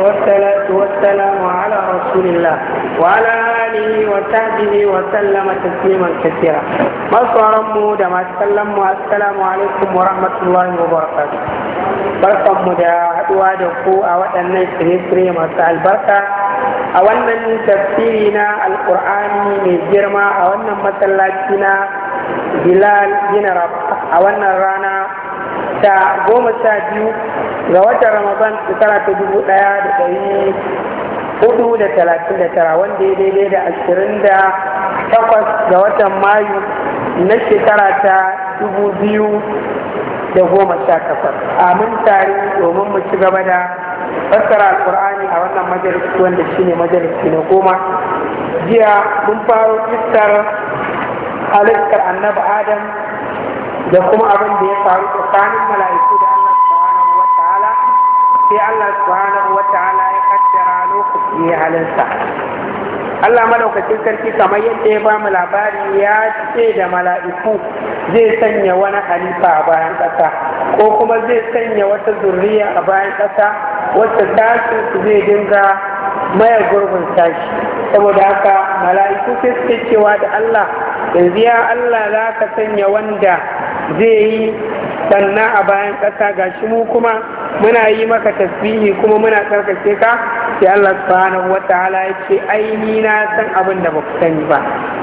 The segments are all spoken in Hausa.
والصلاة والسلام على رسول الله وعلى آله وصحبه وسلم تسليما كثيرا ما صارمو دما سلمو السلام عليكم ورحمة الله وبركاته barkan mu da haɗuwa da ku a waɗannan shirye masu albarka a wannan tafsiri na alƙur'ani mai girma a wannan masallaci na bilal jinarab, a wannan rana ta goma sha biyu ga watan ramadan shekara ta dubu ɗaya da ɗari hudu da talatin da tara wanda ya daidai da ashirin da takwas ga watan mayu na shekara ta dubu biyu da goma sha takwas amin tare domin mu ci gaba da fassara alkur'ani a wannan majalisi wanda shine majalisi na goma jiya mun faro iskar halittar annabi adam da kuma abin da ya faru tsakanin mala'iku da sai Allah subhanahu wa ta'ala ya kaddara lokaci ya halinsa Allah madaukakin sarki kamar yadda ya ba mu labari ya ce da mala'iku zai sanya wani halifa a bayan ƙasa ko kuma zai sanya wata zurriya a bayan ƙasa wacce tashin su zai dinga maya gurbin tashi saboda haka mala'iku sai suke cewa da Allah yanzu ya Allah za ka sanya wanda zai yi Sannan a bayan ƙasa ga shi mu kuma muna yi maka tasbihi kuma muna tsarkake ka sai Allah subhanahu wata'ala ya ce aini na san abin da baku sani ba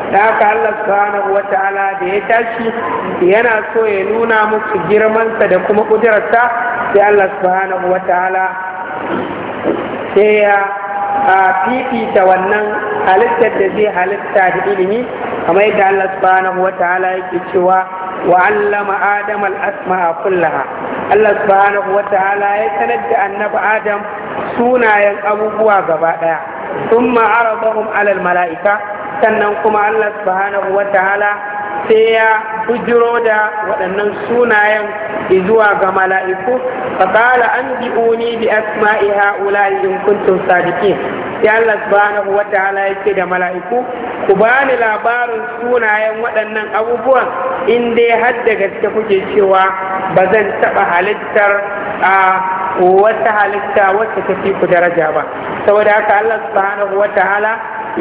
da haka Allah subhanahu wata'ala da ya tashi yana so ya nuna musu girmansa da kuma ƙudurarsa sai Allah subhanahu wata'ala sai ya a fifita wannan halittar da zai halitta da ilimi kamar yadda Allah subhanahu wa ta'ala yake cewa wa allama adam al kullaha Allah subhanahu wa ta'ala ya sanar da annabi adam sunayen abubuwa gaba daya thumma aradahum alal mala'ika sannan kuma Allah subhanahu wa ta'ala sai ya bujiro da waɗannan sunayen zuwa ga mala'iku ƙara an bi uni bi asma'i ha'ula in kuntum sadiqin sai Allah subhanahu wa ta'ala yake da mala'iku ku bani labarin sunayen waɗannan abubuwan in dai har da gaske kuke cewa ba zan taɓa halittar a wata halitta wacce ta fi ku daraja ba saboda haka Allah subhanahu wa ta'ala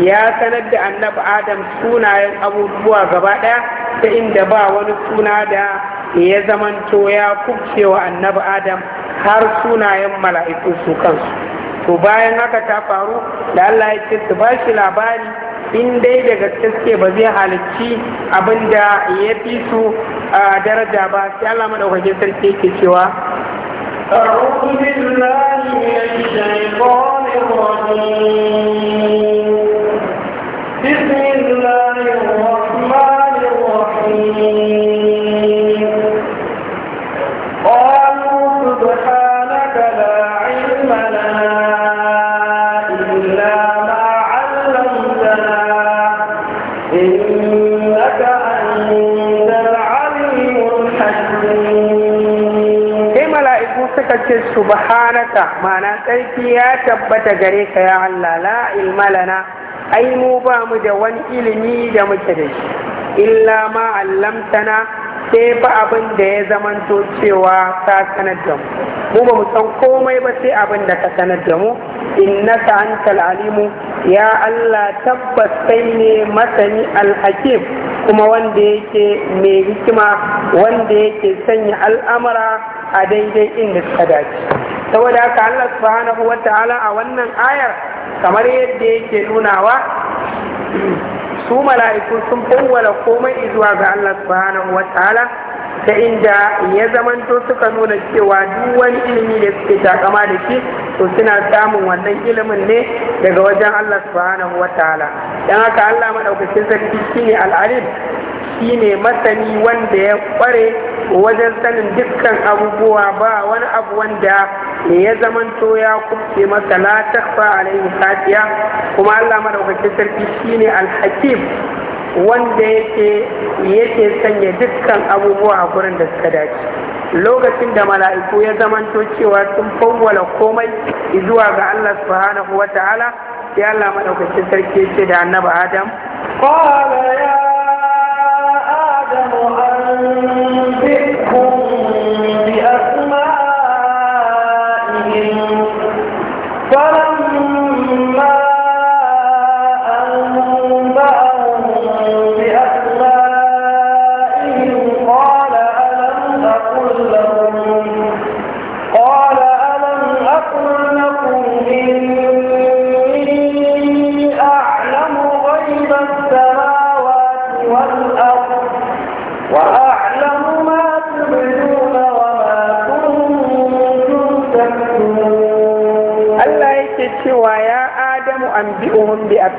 ya sanar da annabi adam sunayen abubuwa gaba ɗaya ta inda ba wani suna da ya zamanto ya kubcewa annabi adam har sunayen mala'iku su kansu to bayan haka ta faru da allah ya ce su ba shi labari in dai daga gaske ba zai halicci abin da ya fi su a daraja ba sai allah maɗaukakin sarki yake cewa أعوذ بالله من الشيطان الرجيم subhanaka ma'ana tsarki ya tabbata gare ka ya Allah la ilma ai mu ba mu da wani ilimi da muke da shi illa ma allamtana sai ba abin da ya zamanto cewa ka sanar da mu mu ba mu san komai ba sai abin da ka sanar da mu antal alimu ya Allah tabbas kai ne masani alhakim kuma wanda yake mai hikima wanda yake sanya al'amara a daidai inda suka dace saboda haka Allah subhanahu wa a wannan ayar kamar yadda yake nunawa su mala'iku sun fawwala komai izuwa ga Allah subhanahu wa ta inda ya zamanto suka nuna cewa duk wani ilimi da suke takama da shi to suna samun wannan ilimin ne daga wajen Allah subhanahu wa dan haka Allah madaukakin sarki shine al-alim shine masani wanda ya kware wajen sanin dukkan abubuwa ba wani abu wanda ya zamanto ya kuce masa la takfa alaihi safiya kuma Allah madaukakin sarki shine al-hakim wanda yake yake sanya dukkan abubuwa a gurin da suka dace lokacin da mala'iku ya zamanto cewa sun fawwala komai zuwa ga Allah subhanahu wa ta'ala sai Allah madaukakin sarki ya ce da annabi Adam qala ya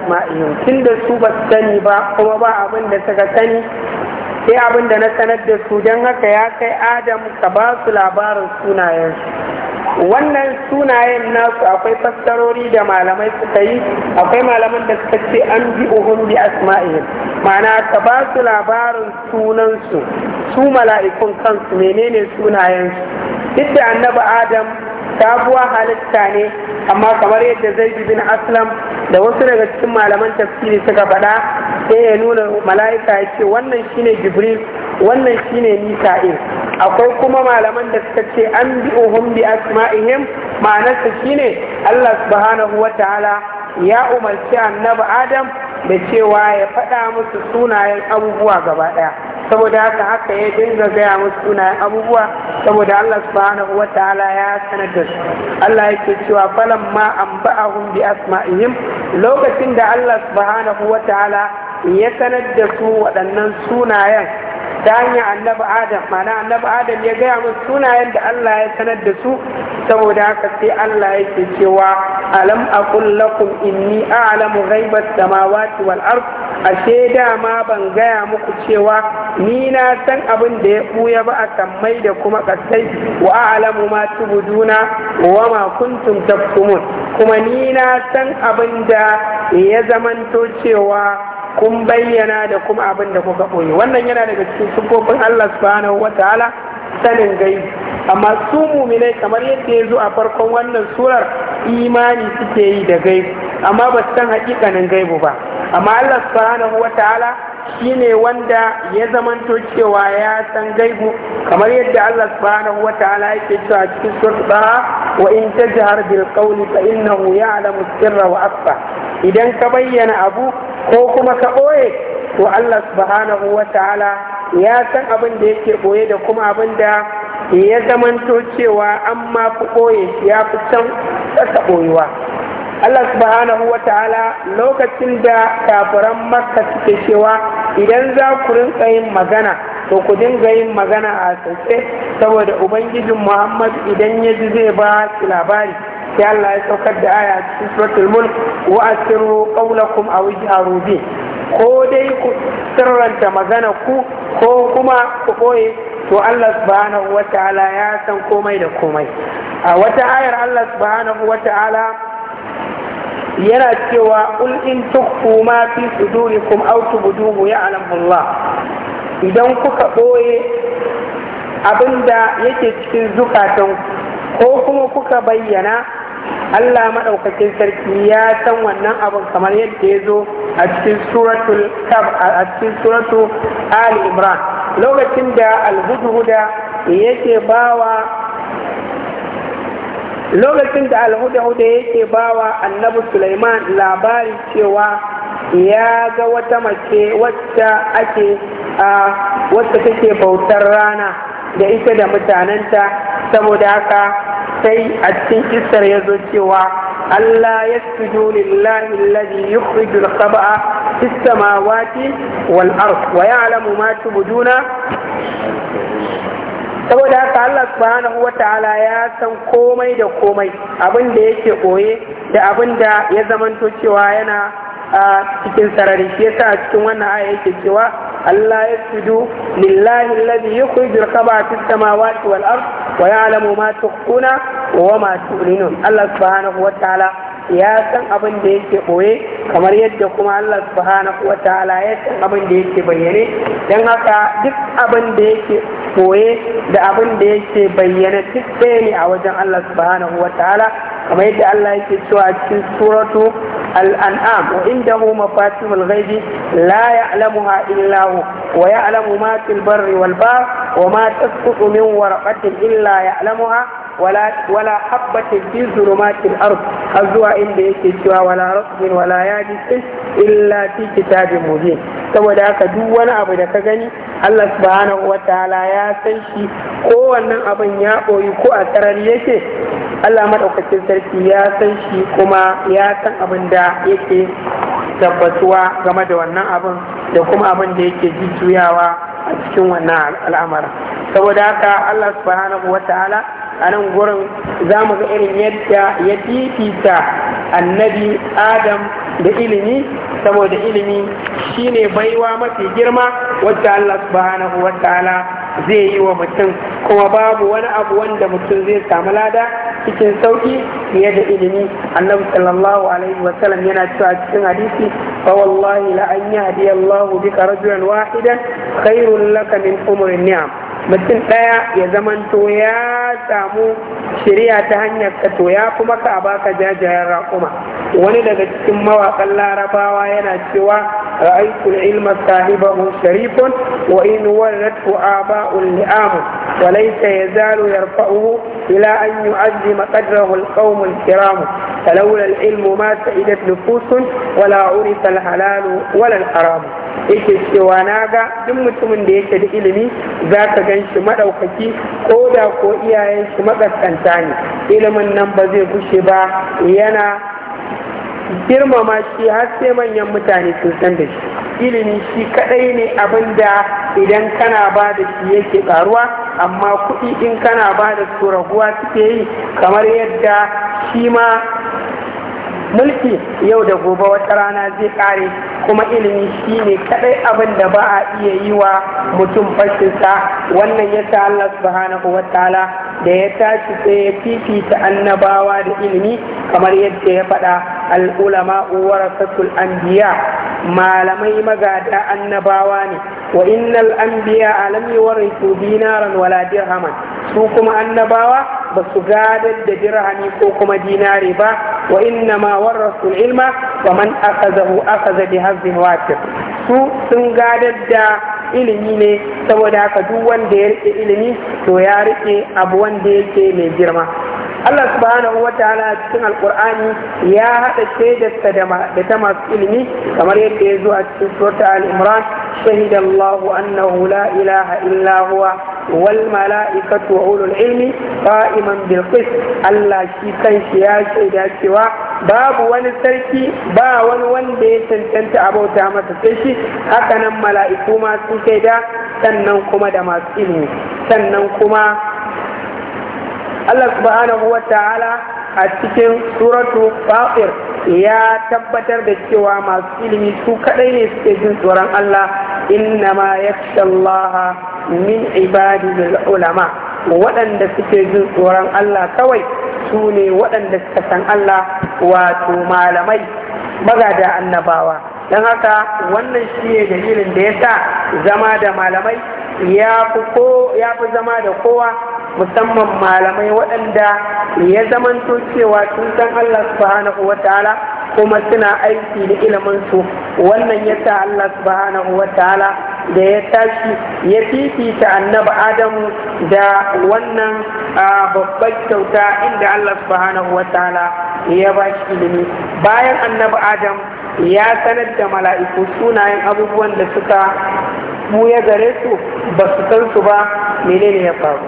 asma'ihim tunda su ba sani ba kuma ba abin da suka sani sai abin da na sanar da su don haka ya kai adam ka ba su labarin sunayensu wannan sunayen nasu akwai fassarori da malamai suka yi akwai malaman da suka ce an bi uhun bi asma'ihim ma'ana ka ba su labarin sunansu su mala'ikun kansu menene sunayensu duk da annabi adam sabuwa halitta ne amma kamar yadda zai bin aslam da wasu daga cikin malaman tafsiri suka faɗa sai ya nuna mala'ika ya ce wannan shine jibril wannan shine mika'il akwai kuma malaman da suka ce an bi uhum bi asma'ihim ma'anarsa shine Allah subhanahu wa ta'ala ya umarci annabi Adam da cewa ya faɗa musu sunayen abubuwa gaba ɗaya saboda haka haka ya dinga gaya musu sunayen abubuwa saboda Allah subhanahu wa ta'ala ya sanar da su Allah yake cewa falan ma an ba'ahum bi asma'ihim lokacin da Allah subhanahu wa ta'ala ya sanar da su waɗannan sunayen ta hanyar annabi adam mana annabi adam ya gaya musu sunayen da Allah ya sanar da su saboda haka sai Allah yake cewa alam aqul lakum inni a'lamu ghaibas samawati wal ard ashe da ma ban gaya muku cewa ni na san abin da ya buya ba a sammai da kuma kasai wa a'lamu ma tubuduna wa ma kuntum taktumun kuma ni na san abin da ya zamanto cewa kun bayyana da kuma abin da kuka ɓoye wannan yana daga cikin sufofin Allah subhanahu wataala sanin gai, amma su muminai kamar yadda ya zo a farkon wannan surar imani suke yi da gai, amma ba su san haƙiƙanin gaibu ba amma Allah subhanahu wataala shine wanda ya zamanto cewa ya san gaibu kamar yadda Allah subhanahu wa ta'ala yake cewa cikin surta wa in tajhar bil qawli fa innahu ya'lamu sirra wa akhfa idan ka bayyana abu ko kuma ka boye to Allah subhanahu wa ta'ala ya san abin da yake boye da kuma abin da ya zamanto cewa an ma fi boye ya fi can saka boyuwa Allah subhanahu wa ta'ala lokacin da kafiran makka suke cewa idan za ku rinka yin magana to ku dinga yin magana a sasse saboda ubangijin muhammad idan ya ji zai ba shi labari sai Allah ya saukar da aya a cikin suratul mulk wa asiru qawlakum aw ijharu bi ko dai ku sirranta magana ku ko kuma ku boye to Allah subhanahu wa ta'ala ya san komai da komai a wata ayar Allah subhanahu wa ta'ala yana cewa qul in tukhfu ma fi sudurikum aw tubduhu ya'lamu Allah idan kuka boye abinda yake cikin zukatan ko kuma kuka bayyana Allah madaukakin sarki ya san wannan abin kamar yadda ya zo a cikin suratul a cikin suratu Ali Imran lokacin da al-hudhuda yake bawa lokacin da alhuda-huda yake bawa annabi Sulaiman labarin cewa ya ga wata mace wacce ake a wacce take bautar rana da ita da mutanenta saboda haka sai a cikin kisar ya zo cewa Allah ya sujo lillahi alladhi yukhrijul khaba'a fis samawati wal ard wa alamu ma tubduna saboda haka Allah subhanahu wataala ya san komai da komai abin da yake koye da abin da ya zamanto cewa yana a cikin sarari shi yasa cikin wannan aya yake cewa Allah ya sudu lillahi alladhi yukhrijul khaba fis samawati wal ard wa ya'lamu ma tukhuna wa ma tu'linun Allah subhanahu wataala ya san abin da yake ɓoye kamar yadda kuma Allah subhanahu wa ta'ala ya san abin da yake bayyane don haka duk abin da yake ɓoye da abin da yake bayyane duk ɗaya ne a wajen Allah subhanahu wa ta'ala kamar yadda Allah yake cewa a cikin suratu al'an'am wa indahu mafatihul ghaibi la ya'lamuha illa hu wa ya'lamu ma fil barri wal wa ma tasqutu min waraqatin illa ya'lamuha wala habbatin fi zulumatil ard har zuwa inda yake cewa wala rasbin wala yabis illa fi kitabin mubin saboda haka duk wani abu da ka gani Allah subhanahu wataala ya san shi wannan abin ya boyi ko a sarari yake Allah madaukakin sarki ya san shi kuma ya san abin da yake tabbatuwa game da wannan abin da kuma abin da yake jujjuyawa a cikin wannan al'amarin saboda haka Allah subhanahu wataala a nan gurin za mu ga irin yadda ya fifita annabi adam da ilimi saboda ilimi shine baiwa mafi girma wacce Allah subhanahu wa ta'ala zai yi wa mutum kuma babu wani abu wanda mutum zai samu lada cikin sauki fiye da ilimi annabi sallallahu alaihi wa sallam yana cewa cikin hadisi fa wallahi la an yahdi Allahu bika rajulan wahidan khairul laka min umrin ni'am mutum ɗaya ya zamanto ya samu shirya ta hanyar ka to ya kuma ka baka jajayen raƙuma wani daga cikin mawaƙan larabawa yana cewa ra'aytul ilma sahibahu sharifun wa in waladtu aba'ul li'am wa laysa yazalu yarfa'uhu ila an yu'azzima qadrahu al-qawm al-kiram falawla al-ilmu ma sa'idat nufusun wala urifa al-halal wala al-haram yake cewa na ga duk mutumin da yake da ilimi za ka gan shi maɗaukaki ko da ko iyayen shi makaskanta ne ilimin nan ba zai bushe ba yana girmama shi har sai manyan mutane sun san da shi ilimi shi kadai ne abin da idan kana ba da shi yake karuwa, amma kuɗi in kana ba da su raguwa suke yi kamar yadda shi ma mulki yau da gobe wata rana zai kare kuma ilimi shi ne kadai abin da ba a iya yi wa mutum fashinsa wannan ya ta Allah subhanahu ta'ala da ya tashi sai ya fifita annabawa da ilimi kamar yadda ya faɗa al'ulama warasatul anbiya malamai magada annabawa ne wa innal anbiya lam su dinaran wala dirhaman su kuma annabawa ba su gadar da dirhami ko kuma dinare ba wa inna ma warasu ilma wa man akazahu akaza bi hazzin su sun gadar da ilimi ne saboda haka duk wanda ya rike ilimi to ya rike abu wanda yake mai girma Allah subhanahu wa ta'ala cikin alqur'ani ya haɗa shaidarsa da ta masu ilimi kamar yadda ya zo a cikin surata al-imran shahida Allahu annahu la ilaha illa huwa wal mala'ikatu wa ulul ilmi qa'iman bil qist Allah shi kanshi ya shaida cewa babu wani sarki ba wani wanda ya cancanta abauta masa sai shi haka nan mala'iku ma sun shaida sannan kuma da masu ilimi sannan kuma Allah subhanahu wa ta'ala a cikin suratu fatir ya tabbatar da cewa masu ilimi su kadai ne suke jin tsoron Allah inna ma yakhshallaha min ibadihi ulama waɗanda suke jin tsoron Allah kawai su ne waɗanda suka san Allah wato malamai magada annabawa don haka wannan shi ne dalilin da ya sa zama da malamai ya fi zama da kowa musamman malamai waɗanda ya zamanto cewa sun san Allah subhanahu wa ta'ala kuma suna aiki da iliminsu wannan ya sa Allah subhanahu wa ta'ala da ya tashi ya fifita annabi adamu da wannan babbar kyauta inda Allah subhanahu wa ta'ala ya ba shi ilimi bayan annabi adam ya sanar da mala'iku sunayen abubuwan da suka buya gare su ba su san su ba menene ya faru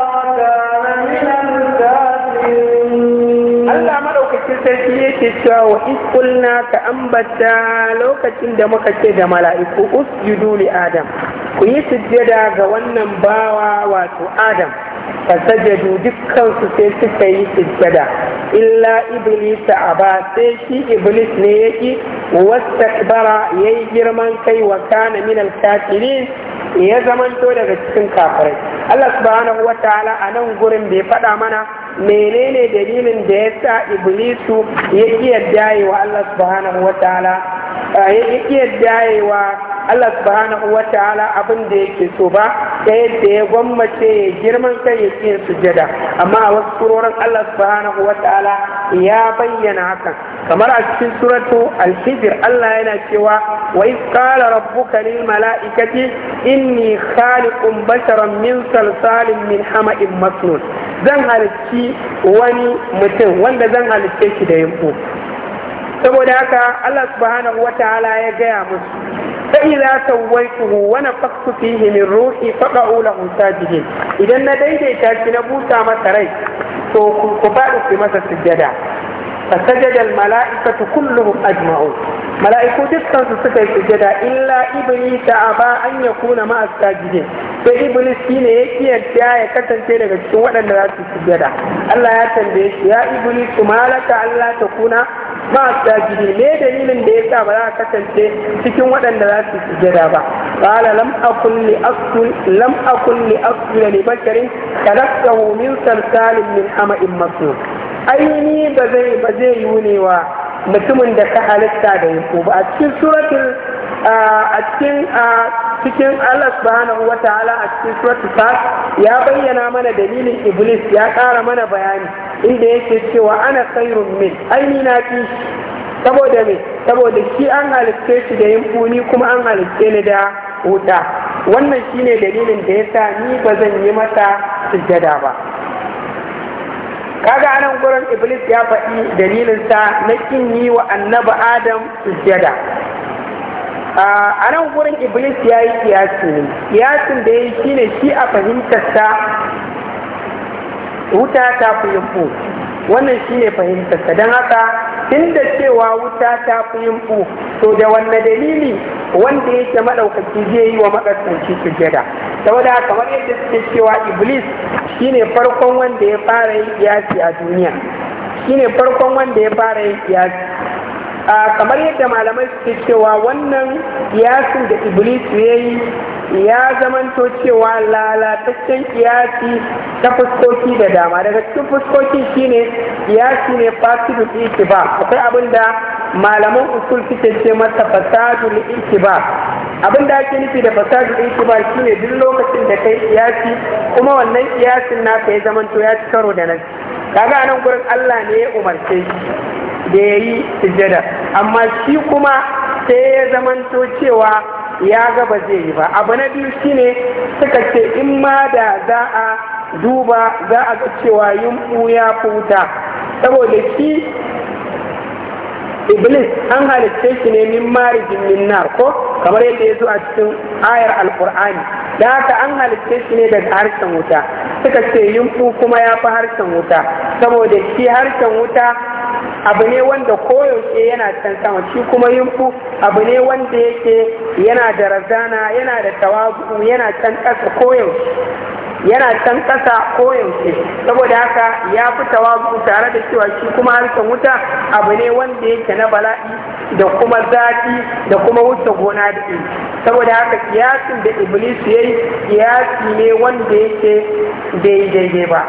yake cewa wa iskulna ka ambata lokacin da muka ce da mala'iku usjudu li adam ku yi sujjada ga wannan bawa wato adam fasajadu dukkansu sai suka yi sujjada illa iblis aba sai shi iblis ne yake ya yayi girman kai wa kana min al ya zamanto daga cikin kafirai Allah subhanahu wataala a nan gurin bai faɗa mana menene dalilin da ya sa iblisu ya iya dayewa Allah subhanahu wa ta'ala ah, ya iya dayewa Allah subhanahu wa ta'ala abin da yake so ba ta yadda ya gwammace ya girman kan ya ƙi sujada amma a wasu surorin Allah subhanahu wa ta'ala ya bayyana hakan kamar a cikin suratu al-hijr Allah yana cewa wa iz qala rabbuka lil mala'ikati inni khaliqun basharan min salsalin min hama'in masnun zan halicci wani mutum wanda zan halicce shi da yambo saboda haka Allah subhanahu wataala ya gaya musu fa idza sawaituhu wa nafaqtu fihi min ruhi faqa'u lahu sajidin idan na daidaita shi na busa masa rai to ku faɗi su masa sujjada فسجد الملائكة كلهم suka ملائكة تسكن illa إلا إبليس أبى an yakuna ma'aska الساجدين sai iblis shi ne ya kiyarta ya kasance daga cikin waɗanda za su sujada Allah ya tambaye shi ya iblis kuma Allah ta kuna ma sajidi ne dalilin da yasa ba za ka kasance cikin waɗanda za su sujada ba qala lam akul li akul lam akul li akul li bakarin kadaktahu min salsalin min hama'in masnun aini ba zai ba zai yunewa mutumin da ka halitta da yako ba a cikin suratul a cikin cikin Allah subhanahu wa ta'ala a cikin suratul ya bayyana mana dalilin iblis ya ƙara mana bayani inda yake cewa ana khairun min aini na fi saboda me saboda shi an halitte shi da yin kuma an halitte ni da wuta wannan shine dalilin da yasa ni ba zan yi mata sujada ba kaga anan gurin iblis ya faɗi dalilinsa na kin yi wa annabi adam sujjada a nan wurin iblis ya yi kiyasi ne kiyasin da ya yi shi ne shi a fahimtarsa wuta ta fi fu wannan shi ne fahimtarsa don haka tun da cewa wuta ta fi fu to da wanne dalili wanda yake maɗaukaki zai yi wa su jada saboda kamar yadda suke cewa iblis shi ne farkon wanda ya fara yin kiyasi a duniya shi ne farkon wanda ya fara yin kiyasi kamar yadda malamai suke cewa wannan kiyasin da iblis ya yi ya zamanto cewa lalataccen kiyasi ta fuskoki da dama daga cikin fuskoki shine kiyasi ne fasidu ba akwai abin da malaman usul suke ce masa fasadul ba abin da ake nufi da fasadu fasadul ba shine duk lokacin da kai kiyasi kuma wannan kiyasin naka ya zamanto ya ci karo da nan kaga nan gurin Allah ne ya umarce shi da yi sujjada amma shi kuma sai ya zamanto cewa ya gaba zai yi ba abu na biyu shine suka ce in ma da za a duba za a ga cewa yumɓu ya futa saboda shi iblis an halitta shi ne min marijin min nar ko kamar yadda ya zo a cikin ayar alqur'ani da haka an halitta shi ne daga harshen wuta suka ce yumfu kuma ya fi harshen wuta saboda shi harshen wuta abu ne wanda koyaushe yana can sama shi kuma yumfu abu ne wanda yake yana da razana yana da tawagu yana can ƙasa koyaushe yana can ƙasa ko yaushe saboda haka ya fi tawazu tare da cewa shi kuma harkar wuta abu ne wanda yake na bala'i da kuma zafi da kuma wuce gona da ke saboda haka kiyasin da iblis ya yi kiyasi ne wanda yake daidai ba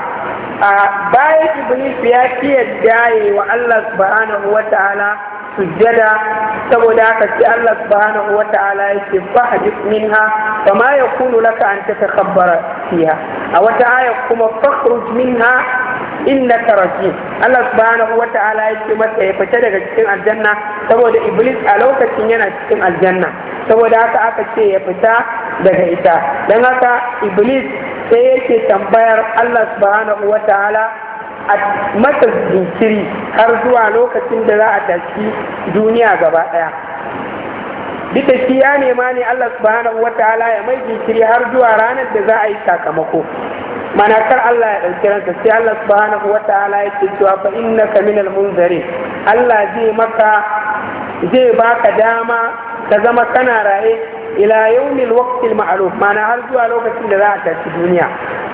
a bayan iblis ya ki yadda ya yi wa Allah subhanahu wa ta'ala sujjada saboda haka sai Allah subhanahu wa ta'ala yake fahdith minha fama yakunu laka an tatakhabbara fiha a wata aya kuma fakhruj minha innaka rajim Allah subhanahu wa ta'ala yake mata ya fita daga cikin aljanna saboda iblis a lokacin yana cikin aljanna saboda haka aka ce ya fita daga ita dan haka iblis sai yake tambayar Allah subhanahu wa ta'ala a mata jinkiri har zuwa lokacin da za a tashi duniya gaba ɗaya duk shi ya nema ne Allah subhanahu ta'ala ya mai jinkiri har zuwa ranar da za a yi sakamako mana kar Allah ya ɗauki ranka sai Allah subhanahu wa ta'ala ya ce cewa fa innaka minal munzari Allah zai maka zai baka dama ka zama kana raye ila yawmil waqtil ma'ruf mana har zuwa lokacin da za a tashi duniya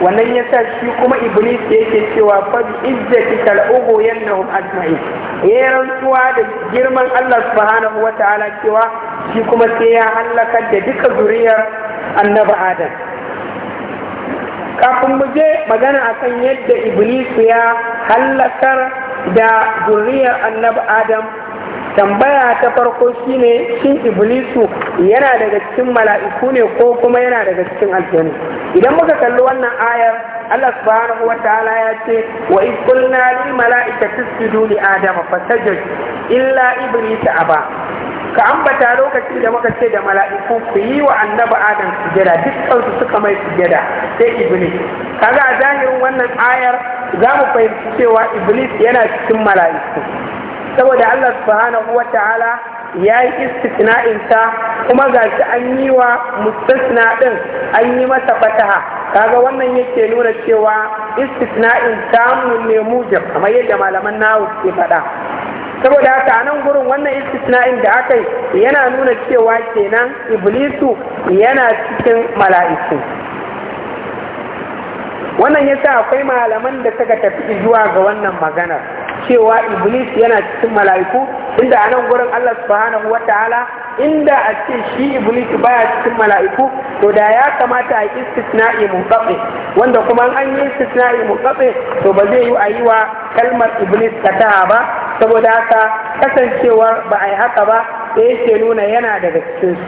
wannan yasa shi kuma iblis yake cewa fa bi izzatika la'ubu yanahum ajma'in ya rantsuwa da girman Allah subhanahu wa ta'ala cewa shi kuma sai ya halakar da duka zuriyar annabi Adam kafin mu je magana akan yadda iblis ya hallakar da zuriyar annabi adam tambaya ta farko shine shin iblisu yana daga cikin mala'iku ne ko kuma yana daga cikin aljanu idan muka kalli wannan ayar Allah subhanahu wa ta'ala ya ce wa iz qulna lil mala'ikati isjudu li adama fasajadu illa iblis aba ka ambata lokaci da muka ce da mala'iku ku yi wa Annabi adam sujada duk kansu suka mai sujada sai iblis kaga a zahirin wannan ayar za mu fahimci cewa iblis yana cikin mala'iku saboda Allah subhanahu wa ta'ala ya yi istisna'in kuma ga shi an yi wa mustasna din an yi masa fataha kaga wannan yake nuna cewa istisna'in samu ne mujab kamar yadda malaman nawo ke faɗa saboda haka a nan gurin wannan istisna'in da aka yi yana nuna cewa kenan iblisu yana cikin mala'iku wannan ya sa akwai malaman da suka tafi zuwa ga wannan magana cewa iblis yana cikin mala'iku inda a nan gurin Allah subhanahu Ta'ala inda a ce shi iblis baya cikin mala'iku to da ya kamata a yi istisna'i mutsatsi wanda kuma an yi istisna'i mutsatsi to ba zai yi a yi wa kalmar iblis kataha ba saboda haka kasancewar ba a yi haka ba sai yake nuna yana daga cikin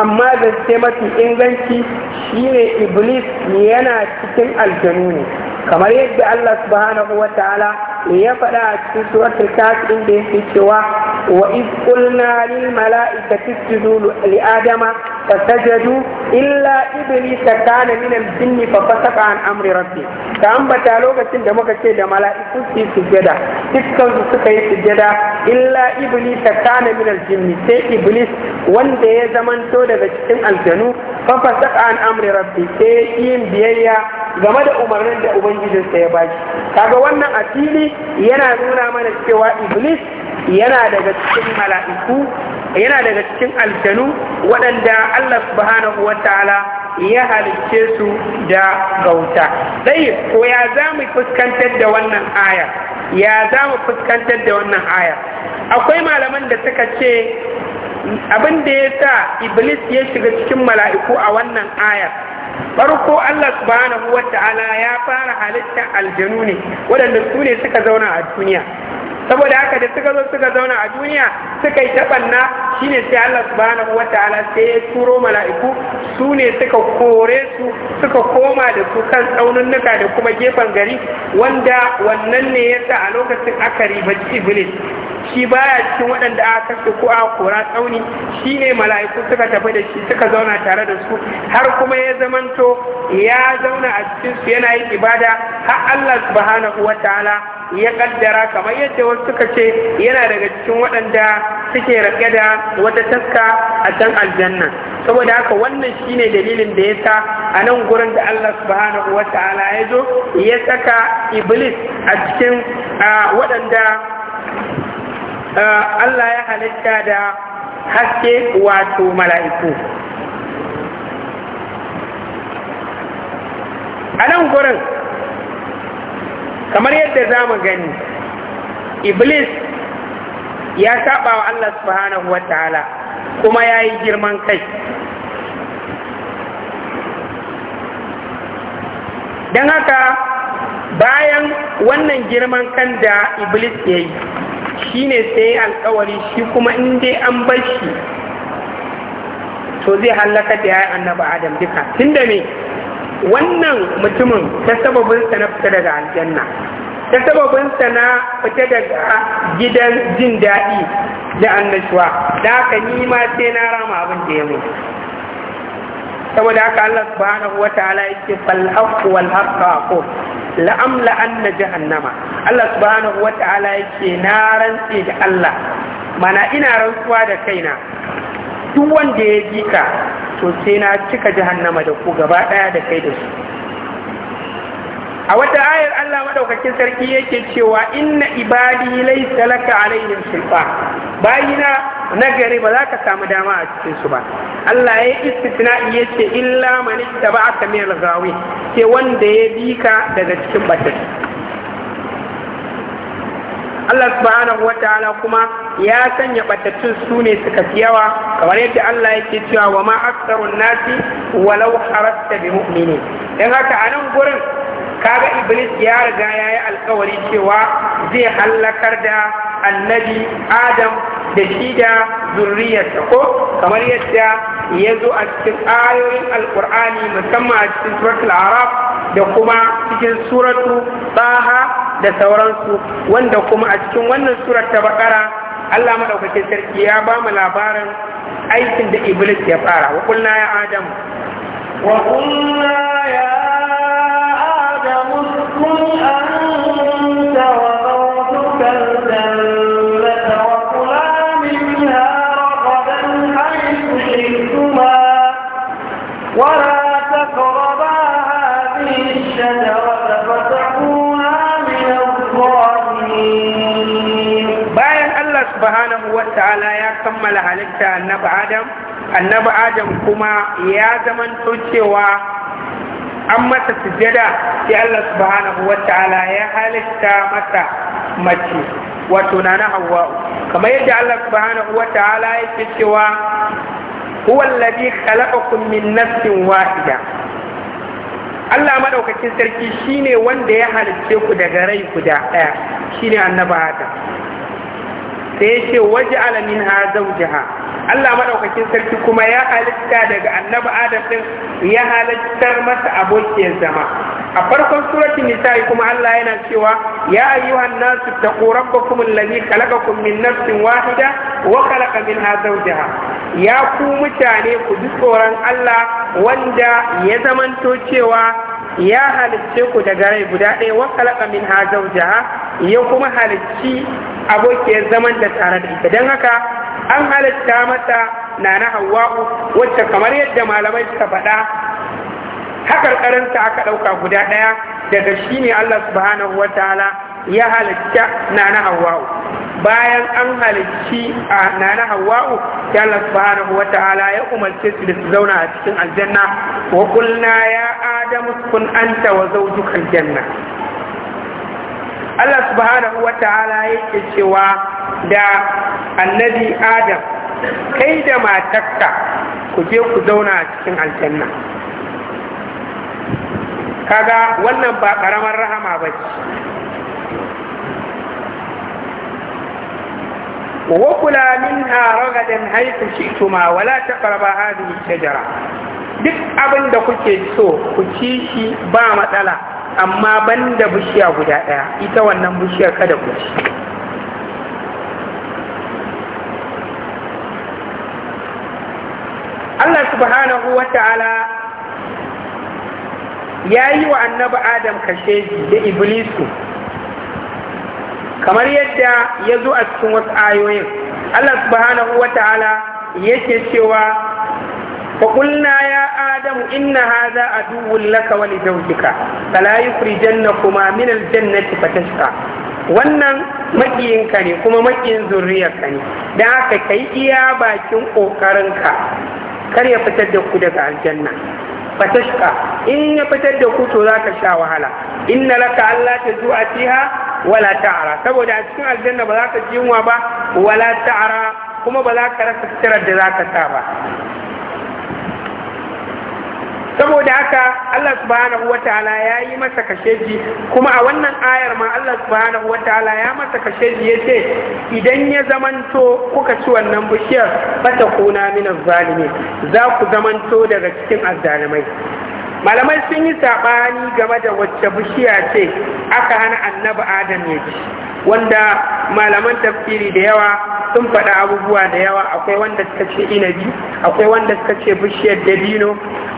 amma zance mafi inganci ne iblis yana cikin aljanu ne kamar yadda Allah subhanahu wa ta'ala ya faɗa a cikin suratul kafi da yake cewa wa iz qulna lil mala'ikati isjudu li adama fasajadu illa iblis kana min al jinni fa fasaqa an amri rabbi ta ambata lokacin da muka ce da mala'iku su sujjada dukkan su suka yi sujjada illa iblis kana min al sai iblis wanda ya zamanto daga cikin aljanu fa fasaqa an amri rabbi sai yin biyayya game da umarnin da ubangijinsa ya baki kaga wannan a yana nuna mana cewa iblis yana daga cikin mala'iku yana daga cikin aljanu waɗanda Allah subhanahu ta'ala ya halicce su da gauta dai ko ya za mu fuskantar da wannan aya ya za mu fuskantar da wannan aya akwai malaman da suka ce abin da ya sa iblis ya shiga cikin mala'iku a wannan aya farko Allah subhanahu wata'ala ya fara halittar aljanu ne waɗanda su ne suka zauna a duniya saboda haka da suka zo suka zauna a duniya suka yi taɓanna shine sai Allah subhanahu wata'ala sai ya turo mala'iku su ne suka kore su suka koma da su kan tsaununuka da kuma gefen gari wanda wannan ne sa a lokacin aka ribaci iblis shi baya cikin waɗanda aka kashe ko aka kora tsauni shi ne mala'iku suka tafi da shi suka zauna tare da su har kuma ya zamanto ya zauna a cikin su yana yin ibada har Allah subhanahu ta'ala ya kaddara kamar yadda wasu suka ce yana daga cikin waɗanda suke rake da wata taska a can aljanna saboda haka wannan shine dalilin da ya sa a nan gurin da Allah subhanahu wataala ya zo ya saka iblis a cikin waɗanda Allah ya halitta da haske wato mala'iku a nan gurin kamar yadda za mu gani iblis ya saba wa Allah subhanahu wa ta'ala kuma ya yi girman kai don haka bayan wannan girman kan da iblis ya yi Shi ne sai alkawari shi kuma in dai an bar shi to zai hallaka da yayin annabi adam duka tunda me wannan mutumin ta sa na fita daga aljanna ta sa na fita daga gidan jin daɗi da annashuwa da haka ni ma sai na rama abin da ya mai saboda haka Allah subhanahu wataala yake fal haqq wal haqq aqul la amla jahannama Allah subhanahu yake na rantsi da Allah mana ina rantsuwa da kaina duk wanda ya ji ka to sai na cika jahannama da ku gaba daya da kai da su a wata ayar Allah madaukakin sarki yake cewa inna ibadi laysa laka alaihim sulfa bayina na gari ba za ka samu dama a cikin su ba Allah ya yi istisna'i ya ce illa man ba aka mai alzawi ke wanda ya bi ka daga cikin batin Allah subhanahu wa ta'ala kuma ya sanya batattun su ne suka fi yawa kamar yadda Allah yake cewa wa ma nasi walau harasta bi mu'mini dan haka a nan gurin kaga iblis ya riga ya yi alkawari cewa zai hallakar da annabi adam da shi da zurriyarsa ko kamar yadda ya zo a cikin ayoyin alkur'ani musamman a cikin suratul araf da kuma cikin suratu tsaha da sauransu wanda kuma a cikin wannan surar ta bakara Allah madaukakin sarki ya ba mu labarin aikin da iblis ya fara wa ya adam wa ya ta'ala ya kammala halitta annabi adam annabi adam kuma ya zamanto cewa an masa sujada sai Allah subhanahu ya halitta masa mace wato na na hawa kamar yadda Allah subhanahu ya yake cewa huwa alladhi khalaqakum min nafsin wahida Allah madaukakin sarki shine wanda ya halicce ku daga rai guda daya shine annaba Adam sai ya ce waje alamin ha Allah madaukakin sarki kuma ya halitta daga annabi Adam din ya halittar masa abokiyar zama a farkon suratul nisa kuma Allah yana cewa ya ayyuhan nasu taqu rabbakum allazi khalaqakum min nafsin wahida wa khalaqa minha zawjaha ya ku mutane ku ji tsoron Allah wanda ya zamanto cewa ya halicce ku daga rai guda ɗaya wa khalaqa minha zawjaha ya kuma halicci abokiyar zaman da tare da ita Dan haka an halitta mata na na hawa'u wacce kamar yadda malamai suka faɗa hakar karanta aka ɗauka guda ɗaya daga shi ne Allah subhanahu wa ta'ala ya halitta na na hawa'u bayan an halicci a na na hawa'u ya Allah subhanahu wa ta'ala ya umarce su da su zauna a cikin aljanna wa kulna ya adamu kun anta wa zaujuka aljanna Allah subhanahu wa ta'ala yake cewa da annabi adam kai da matarka ku je ku zauna a cikin aljanna kaga wannan ba karamar rahama ba ce wakula minha ragadan haifu shituma wala taqraba hadhihi shajara duk abin da kuke so ku ci shi ba matsala amma banda bishiya guda ɗaya, ita wannan bishiyar kada ku ci Allah subhanahu wa ta'ala ya yi wa annabi Adam kashe da Iblisu kamar yadda ya zo a cikin wasu ayoyin Allah subhanahu wa ta'ala yake cewa فقلنا يا آدم إن هذا عدو لك ولزوجك فلا يخرجنكما من jannati فتشقى wannan maƙiyinka ne kuma maƙiyin zuriyarka ne da aka kai iya bakin ƙoƙarinka kar ya fitar da ku daga aljanna fatashka in ya fitar da ku to zaka sha wahala inna laka alla tazua fiha wala ta'ara saboda a cikin aljanna ba za ka ji ba wala ta'ara kuma ba za ka rasa fitar da za ka sa ba saboda haka Allah subhanahu wataala ya yi masa kasheji kuma a wannan ayar ma Allah subhanahu wataala ya masa kasheji ya ce idan ya zamanto kuka ci wannan bishiyar fata kuna minan zalimi za ku zamanto daga cikin azzalimai malamai sun yi saɓani game da wacce bishiya ce aka hana annabi adam ya ci wanda malaman tafsiri da yawa sun faɗa abubuwa da yawa akwai wanda suka ce inabi akwai wanda suka ce bishiyar dabino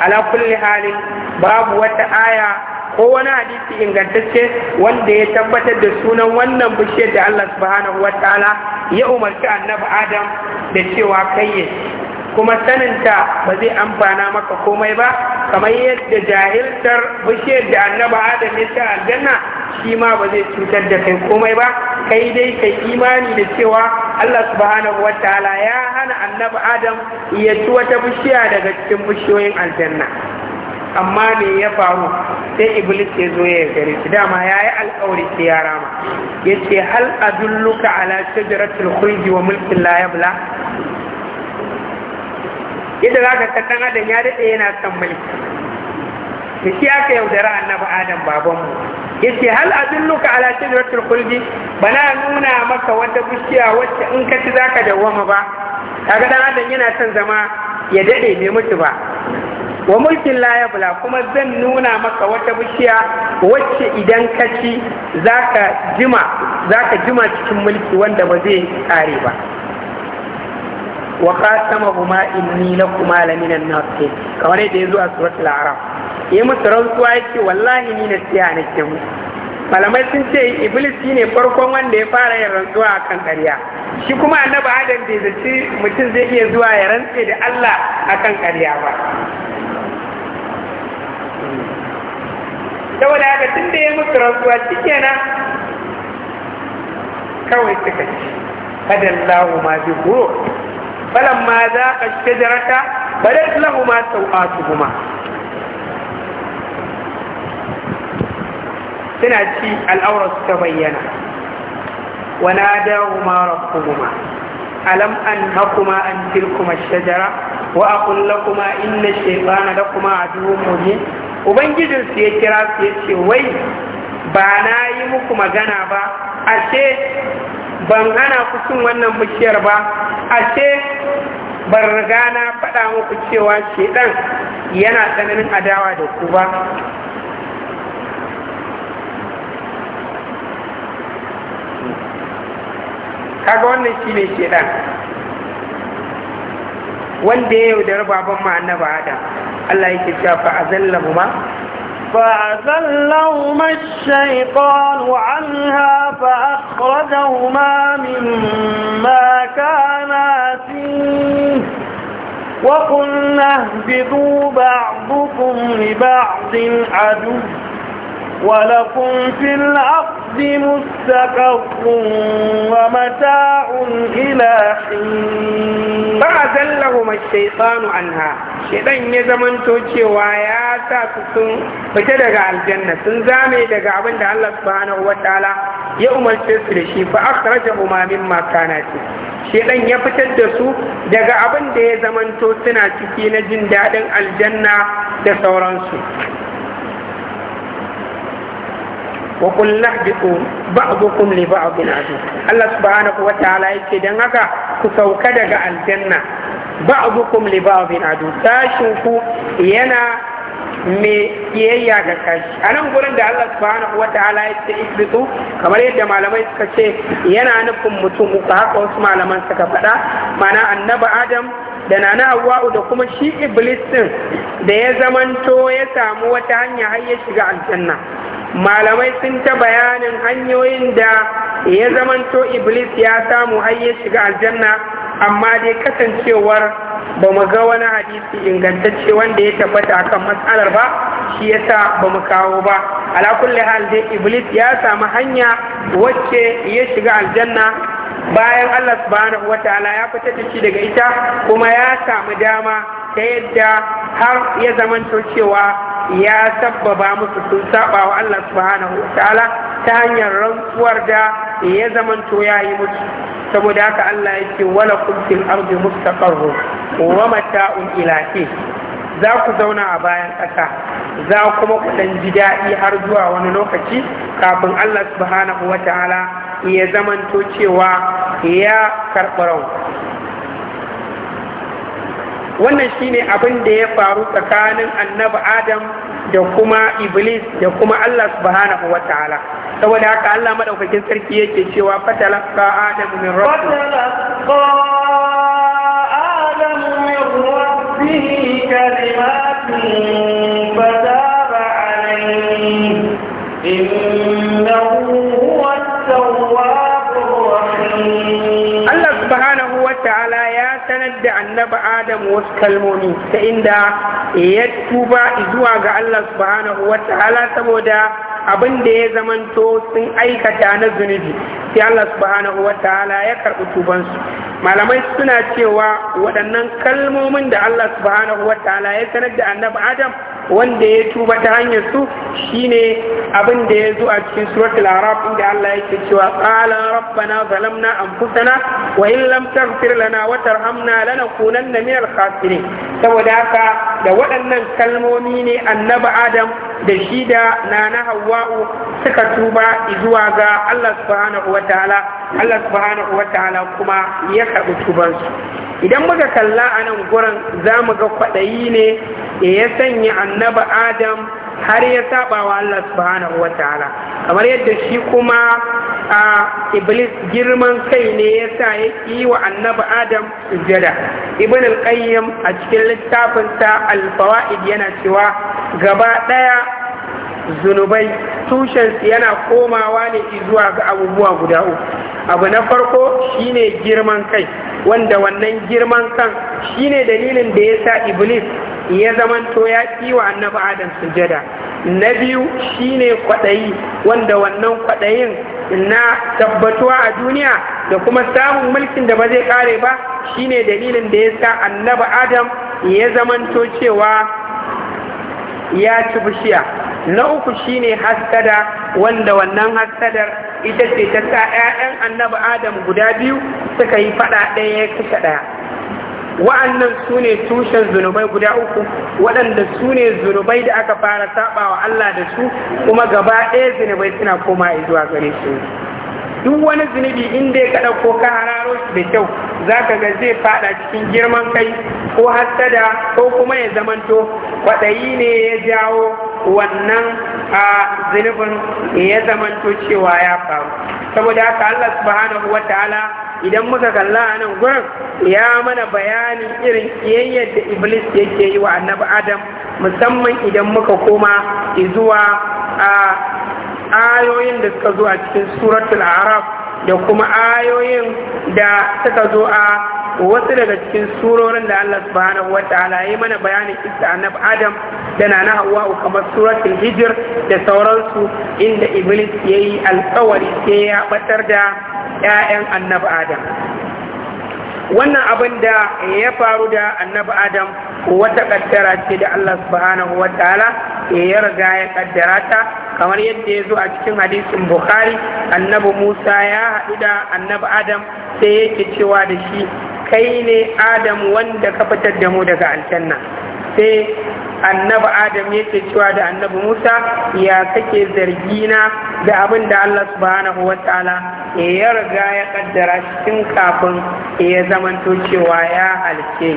ala kulli halin babu wata aya ko wani hadisi ingantacce wanda ya tabbatar da sunan wannan bishiyar da Allah subhanahu ta'ala ya umarci annabi Adam da cewa kai kuma saninta ba zai amfana maka komai ba kamar yadda jahiltar bishiyar da annaba adam ya ta aljanna shi ma ba zai cutar da kai komai ba kai dai kai imani da cewa Allah subhanahu wataala ya hana annabi adam ya ci wata bishiya daga cikin bishiyoyin aljanna amma me ya faru sai iblis ya zo ya gare shi dama ya yi alkawari sai ya rama ya ce hal adulluka ala shajaratul khuldi wa mulkin la yabla yadda za ka kasan adam ya daɗe yana son mulki da shi aka yaudara annabi adam babanmu yace hal adulluka ala shajaratil khuldi bana nuna maka wata bishiya wacce in ka ci zaka dawwama ba kaga dan adam yana son zama ya daɗe mai mutu ba wa mulkin la yabla kuma zan nuna maka wata bishiya wacce idan ka ci zaka jima jima cikin mulki wanda ba zai kare ba wa huma inni lakuma laminan nasihin kamar yadda yazo a suratul araf yi musu rantsuwa yake wallahi ni na siya na ke mu malamai sun ce iblis shine farkon wanda ya fara yin rantsuwa a kan ƙarya shi kuma annabi adam bai zaci mutum zai iya zuwa ya rantse da allah akan ƙarya ba saboda haka tun da ya musu rantsuwa cike na? kawai suka ci kadallahu ma bi فلما ذاق الشجرة بدت لهما سوآتهما suna ci al'aurar ta bayyana wana dahuma rabbuhuma alam an hakuma an tilkuma shajara wa aqul lakuma inna shaytana lakuma aduwwun mubin ubangijin su ya kira su ya ce wai ba na yi muku magana ba ashe ban hana ku wannan bishiyar ba ashe ban riga na faɗa muku cewa shedan yana tsananin adawa da ku ba kaga wannan shi ne shedan wanda ya yaudar baban ma annaba adam Allah yake shafa a fa ma فأذلهما الشيطان عنها فأخرجهما مما كانا فيه وقلنا اهبطوا بعضكم لبعض عدو ولكم في العقد مستقر ومتاع إلى حين فأزلهما الشيطان عنها شيطان يزمن توشي وآياتا تسن فتدقى الجنة تنزامي دقى عبند الله سبحانه وتعالى يوم الفسر فأخرجهما مما كانت shedan ya fitar da su daga abin da ya zamanto suna ciki na jin daɗin aljanna da sauransu wa qul nahbitu ba'dukum li ba'din adu Allah subhanahu wa ta'ala yake dan haka ku sauka daga aljanna ba'dukum li ba'din adu tashin yana me kiyayya ga kashi a nan gurin da Allah subhanahu wa ta'ala ya ce isbitu kamar yadda malamai suka ce yana nufin mutum uku haka wasu malaman suka faɗa mana annaba adam da nana hawa'u da kuma shi iblis din da ya zamanto ya samu wata hanya har ya shiga aljanna malamai sun ta bayanin hanyoyin da ya zamanto iblis ya samu har ya shiga aljanna amma dai kasancewar ba mu ga wani hadisi ingantacce wanda ya tabbata akan matsalar ba shi yasa ba mu kawo ba ala kulli hal dai iblis ya samu hanya wacce ya shiga aljanna bayan Allah subhanahu wataala ya fita da shi daga ita kuma ya samu dama ta yadda har ya zamanto cewa ya sabbaba musu sun saba wa Allah subhanahu wa ta'ala ta hanyar rantsuwar da ya zamanto ya yi musu saboda haka Allah ya ce wala kuntil ardi mustaqarru wa mata'un ila za ku zauna a bayan ƙasa za kuma ku ɗan ji daɗi har zuwa wani lokaci kafin Allah subhanahu wa ta'ala ya zamanto cewa ya karɓi wannan shine abin da ya faru tsakanin annabi adam da kuma iblis da kuma Allah subhanahu wa ta'ala saboda haka Allah madaukakin sarki yake cewa fatalaka adamu min rabbi adamu kalimatin annaba adamu wasu kalmomi ta inda ya tuba zuwa ga Allah subhanahu wa ta'ala saboda abin da ya zamanto sun aikata na zunubi sai Allah subhanahu wataala ya karɓi tubansu malamai suna cewa waɗannan kalmomin da Allah subhanahu wataala ya sanar da annabi Adam wanda ya tuba ta hanyar su shine abin da ya zo a cikin suratul araf inda Allah yake cewa qala rabbana zalamna anfusana wa in lam taghfir lana wa tarhamna lanakunanna min al-khasirin saboda haka da waɗannan kalmomi ne annabi Adam da shi da nana Hawwa hawa'u suka tuba zuwa ga Allah subhanahu Allah subhanahu kuma ya karɓi tubansu idan muka kalla a nan gurin za mu ga kwaɗayi ne da ya sanya annaba adam har ya saba wa Allah subhanahu kamar yadda shi kuma a iblis girman kai ne ya sa ya yi wa annaba adam sujada ibn al-qayyim a cikin littafinsa al-fawaid yana cewa gaba ɗaya zunubai tushensu yana komawa ne zuwa ga abubuwa guda uku abu na farko shine girman kai wanda wannan girman kan shine dalilin da ya sa iblis ya zamanto ya kiwa annabi adam sujada na biyu shine kwaɗayi wanda wannan kwaɗayin na tabbatuwa a duniya da kuma samun mulkin da ba zai kare ba shine dalilin da ya sa annabi adam ya zamanto cewa ya ci bishiya na uku shi ne hasada wanda wannan hasadar ita ce ta sa 'ya'yan annaba adam guda biyu suka yi faɗa ɗaya ya kusa ɗaya wa'annan su ne tushen zunubai guda uku waɗanda su ne zunubai da aka fara saɓa wa Allah da su kuma gaba ɗaya zunubai suna koma zuwa gare su duk wani zunubi inda ya kaɗa ko ka hararo shi da kyau za ka ga zai faɗa cikin girman kai ko hasada ko kuma ya zamanto kwaɗayi ne ya jawo wannan a zunubin ya zamanto cewa ya faru saboda haka Allah subhanahu ta'ala idan muka kalla a nan gurin ya mana bayanin irin kiyayyar da iblis yake yi wa annabi adam musamman idan muka koma zuwa a ayoyin da suka zo a cikin suratul araf da kuma ayoyin da suka zo a wasu daga cikin surorin da Allah subhanahu wataala yi mana bayanin kissa annabi Adam da na Hawwa kamar suratul hijir da sauransu inda Iblis yayi alkawari sai ya batar da 'ya'yan annabi Adam wannan abin da ya faru da annabi adam wata kaddara ce da Allah subhanahu wa ta'ala ya riga ya kaddara ta kamar yadda ya zo a cikin hadisin bukhari annabi musa ya haɗu da annabi adam sai yake cewa da shi kai ne adam wanda ka fitar da mu daga aljanna sai annabi adam yake cewa da annabi musa ya kake zargina da abin da allah subhanahu wa ta'ala ya riga ya kaddara cikin kafin ya zamanto cewa ya halke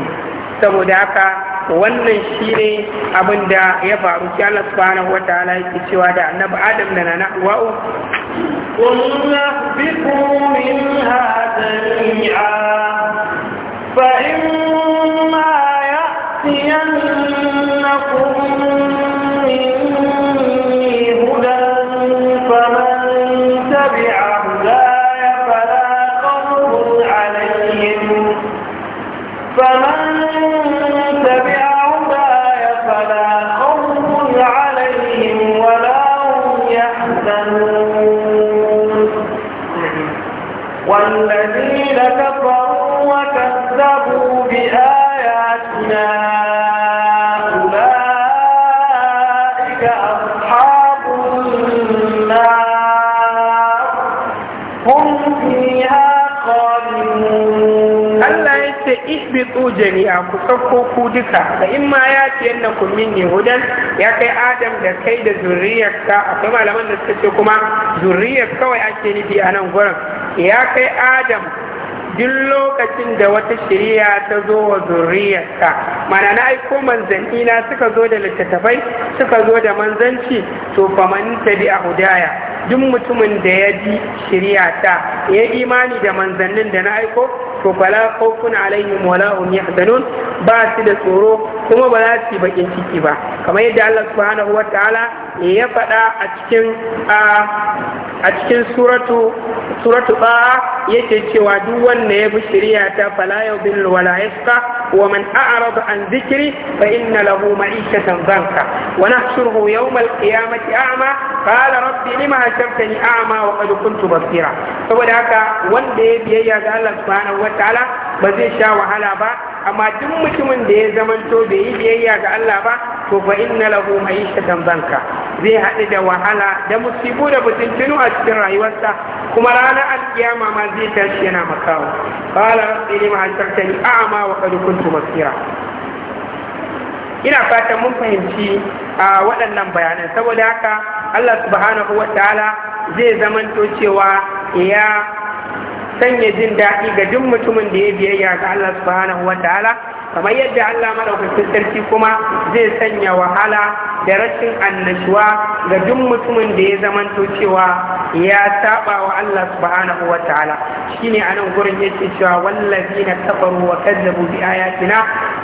saboda haka wannan shi ne abin da ya faru shi Allah subhanahu wa ta'ala yake cewa da annabi Adam da nana Hawwa'u kullu biku minha jami'a fa’in ma ihbitu jami'a ku sauko ku duka da in ma ya ce yadda kun minni ya kai adam da kai da zuriyarka akwai malaman da suka ce kuma zuriyar kawai ake nufi a nan gurin ya kai adam duk lokacin da wata shirya ta zo wa zuriyarka mana na aiko manzanni na suka zo da littattafai suka zo da manzanci to faman tabi a hudaya duk mutumin da ya ji shirya ta ya imani da manzannin da na aiko to fala khawfun alaihim wala hum yahzanun ba su da tsoro kuma ba za su yi bakin ciki ba kamar yadda Allah subhanahu wa ta'ala ya faɗa a cikin a cikin suratu suratu ba yake cewa duk wanda ya bi shari'a ta fala bin wala yasqa wa man a'rada an dhikri fa inna lahu ma'ishatan zanka wa nahshuruhu yawm al-qiyamati a'ma qala rabbi lima hashartani a'ma wa qad kuntu basira saboda haka wanda ya biyayya ga Allah subhanahu wa ta'ala ba zai sha wahala ba amma duk mutumin da ya zamanto bai yi biyayya ga Allah ba to fa inna lahu ma'ishatan banka zai haɗu da wahala da musibu da mutuntunu a cikin rayuwarsa kuma ranar alkiyama ma zai tashi yana makawa qala rabbi lima hasartani a'ma wa qad kuntu basira ina fatan mun fahimci a waɗannan bayanan saboda haka Allah subhanahu wa ta'ala zai zamanto cewa ya sanya jin daɗi ga duk mutumin da ya biyayya ga Allah subhanahu wa ta'ala kamar yadda Allah madaukakin sarki kuma zai sanya wahala da rashin annashuwa ga duk mutumin da ya zamanto cewa ya saba wa Allah subhanahu wa ta'ala shine anan gurin ce cewa na kafaru wa kazzabu bi ayatina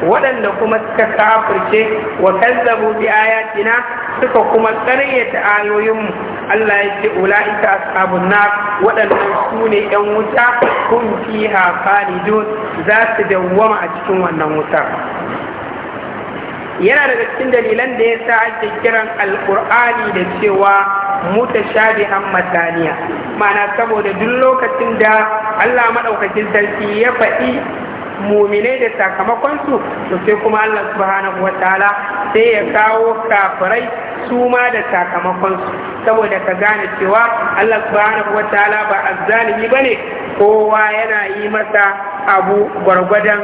waɗanda kuma suka kafirce wa kazzabu bi ayatina suka kuma ƙaryata ayoyinmu Allah ya ce ula'ika ashabun nar waɗannan su ne ƴan wuta kun fiha khalidun za su dawwama a cikin wannan wutar yana daga cikin dalilan da ya sa ake kiran alkur'ani da cewa mutashabihan mataniya ma'ana saboda duk lokacin da Allah maɗaukakin sarki ya faɗi muminai da su? to sai kuma Allah subhanahu wataala sai ya kawo kafirai su ma da su, saboda ka gane cewa Allah subhanahu wataala ba azzalimi bane kowa yana yi masa abu gwargwadon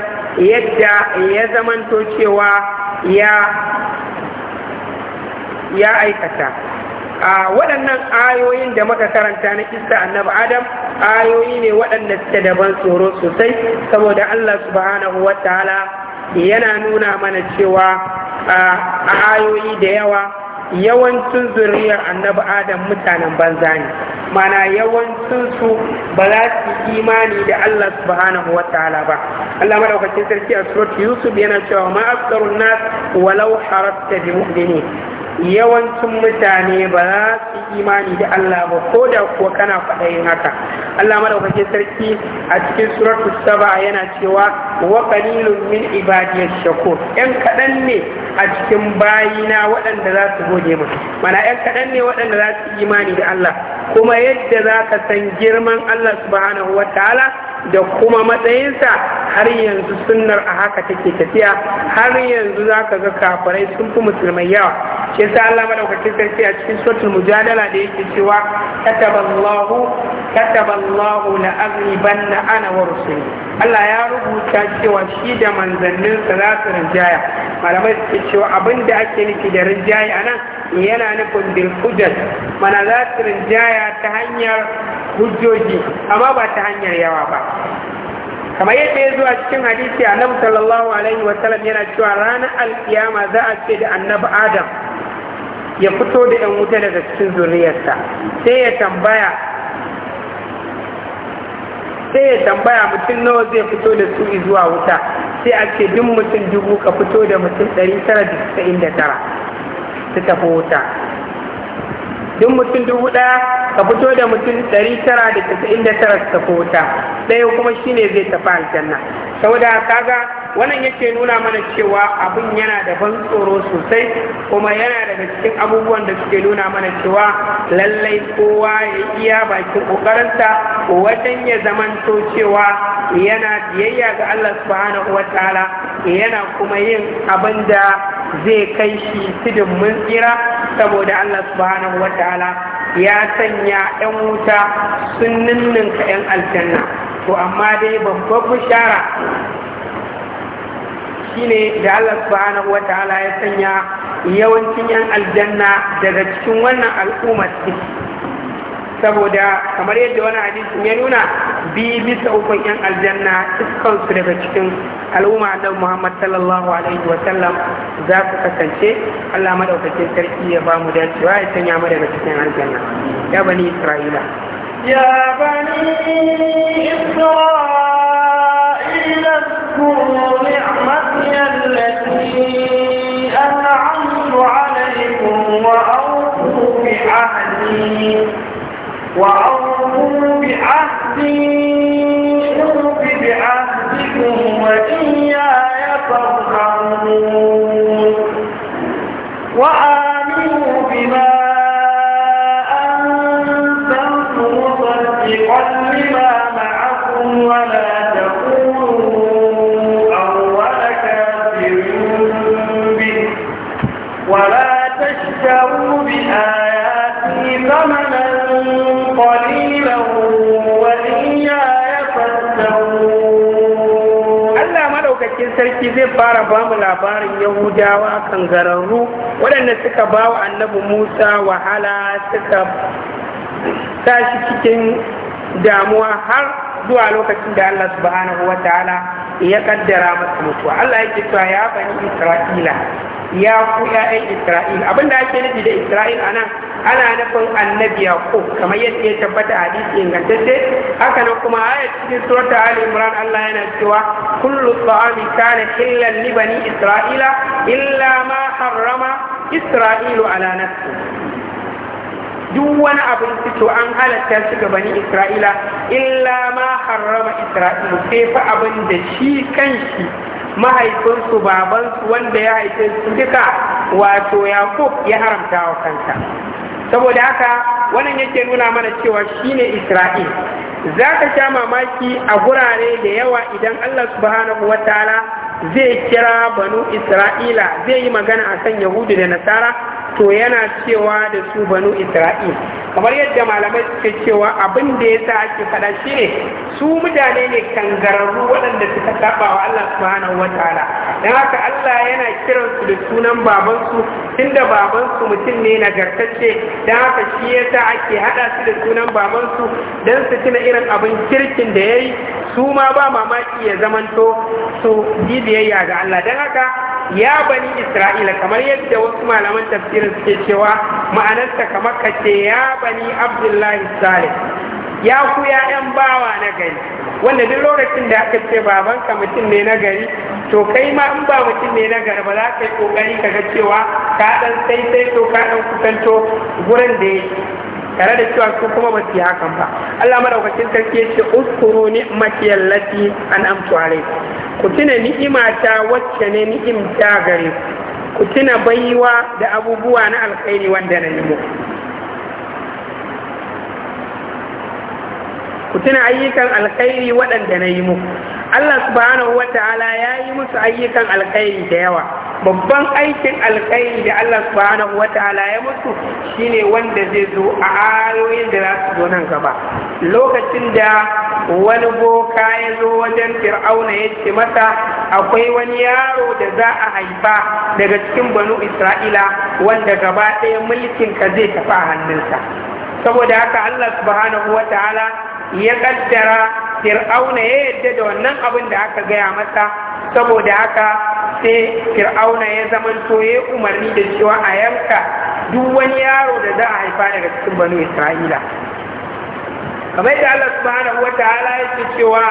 yadda ya zamanto cewa ya ya aikata a waɗannan ayoyin da muka karanta na kista annabi adam ayoyi ne waɗanda suke daban tsoro sosai saboda Allah subhanahu wa yana nuna mana cewa a ayoyi da yawa yawancin zuriyar annabi adam mutanen banza ne mana yawancinsu ba za su imani da Allah subhanahu wa ba Allah madaukakin sarki a surat Yusuf yana cewa ma nas walau harasta bi mu'minin yawancin mutane ba za su imani da Allah ba ko da kuwa kana faɗayin haka Allah madaukake sarki a cikin suratul saba yana cewa wa qalilun min ibadiyash shakur yan kaɗan ne a cikin bayina waɗanda za su gode mu mana yan kaɗan ne waɗanda za su imani da Allah kuma yadda za ka san girman Allah subhanahu wataala da kuma matsayinsa har yanzu sunnar a haka take tafiya har yanzu za ka ga kafirai sun fi musulmai yawa shi sa Allah madaukakin sarki a cikin suratul mujadala da yake cewa kataballahu kataballahu la aghlibanna ana wa rusuli Allah ya rubuta cewa shi da manzanninsa za su rinjaya malamai suke cewa abin da ake nufi da rinjaya a yana nufin bil mana za su rinjaya ta hanyar hujjoji amma ba ta hanyar yawa ba kamar yadda ya zuwa cikin hadisi annabi sallallahu alaihi wa sallam yana cewa ranar alkiyama za a ce da annabi adam ya fito da yan wuta daga cikin zuriyarsa sai ya tambaya sai ya tambaya mutum nawa zai fito da su zuwa wuta sai a ce duk mutum dubu ka fito da mutum 999 su tafi wuta duk mutum dubu ɗaya ka fito da mutum ɗari tara da casa'in da tara su tafi wuta ɗaya kuma shine zai tafi aljanna saboda kaga wannan yake nuna mana cewa abin yana da ban tsoro sosai kuma yana daga cikin abubuwan da suke nuna mana cewa lallai kowa ya iya bakin kokarinsa wajen ya zamanto cewa yana biyayya ga Allah subhanahu wa ta'ala yana kuma yin abin da zai kai shi tudun mun tsira saboda Allah subhanahu wa ta'ala ya sanya 'yan wuta sun ninninka 'yan aljanna to amma dai babbar bishara shine da Allah subhanahu wa ta'ala ya sanya yawancin yan aljanna daga cikin wannan al'ummar saboda kamar yadda wani hadisin ya nuna bi bisa ukun yan aljanna iskansu daga cikin al'umma da muhammad sallallahu alaihi wasallam za su kasance allah madaukakin sarki ya ba mu dacewa ya sanya mu daga cikin aljanna ya bani isra'ila ya bani isra'ila التي أنعمت عليكم وأوفوا بعهدي وأوفوا بعهدي sarki zai fara ba mu labarin yahudawa kan gararru waɗanda suka ba wa annabi musa wahala suka tashi cikin damuwa har zuwa lokacin da allah subhanahu wa ta'ala ya kaddara masa mutuwa allah yake cewa ya bani isra'ila ya ku ya'yan isra'ila abinda ake nufi da isra'il a nan ana nufin annabi yaqub kamar yadda ya tabbata a hadisi ingantacce haka nan kuma ayat cikin surat ali imran Allah yana cewa kullu ta'ami kana hillan li bani isra'ila illa ma harrama isra'ilu ala nafsi duk wani abin to an halatta shi ga bani isra'ila illa ma harrama isra'ilu sai fa abin da shi kanshi mahaifinsu babansu wanda ya haife su duka wato yakub ya haramta wa saboda haka wannan yake nuna mana cewa shine isra'il za ka sha mamaki a gurare da yawa idan allah subhanahu wa ta'ala zai kira banu isra'ila zai yi magana a kan yahudu da nasara to yana cewa da su banu isra'il kamar yadda malamai suke cewa abin da ya sa ake faɗa shi ne su mutane ne kangararru waɗanda suka saba wa Allah subhanahu wataala don haka Allah yana kiransu da sunan babansu tunda babansu mutum ne nagartacce don haka shi ya sa ake haɗa su da sunan babansu don su tuna irin abin kirkin da ya yi su ma ba mamaki ya zamanto su biyayya ga Allah don haka ya bani isra'ila kamar yadda wasu malaman tafsirin suke cewa ma'anarsa kamar ka ce ya bani abdullahi salim ya ku ya'yan bawa na gari wanda duk lokacin da aka ce babanka mutum ne na gari to kai ma in ba mutum ne na gari ba za ka yi kokari ka ga cewa ka dan sai sai to ka ɗan kusanto gurin da yake tare da cewa su kuma ba su yi hakan ba Allah madaukakin sarki ya ce uskuru ni'mati lati an amtu alai ku tuna ni'imata wacce ne ni'imta gare ku tuna baiwa da abubuwa na alkhairi wanda na nemo ku tuna ayyukan alkhairi waɗanda na yi muku Allah subhanahu wa ta'ala ya yi musu ayyukan alkhairi da yawa babban aikin alkhairi da Allah subhanahu wa ta'ala ya musu shine wanda zai zo a ayoyin da za su zo nan gaba lokacin da wani boka ya zo wajen fir'auna ya ce masa akwai wani yaro da za a haifa daga cikin banu isra'ila wanda gaba ɗaya mulkin ka zai tafi a hannunsa saboda haka Allah subhanahu wa ta'ala ya ƙaddara fir'auna ya yadda da wannan abin da aka gaya masa saboda haka sai fir'auna ya zamanto ya umarni da cewa a yanka duk wani yaro da za a haifa daga cikin banu isra'ila kamar da Allah subhanahu wa ta'ala ce cewa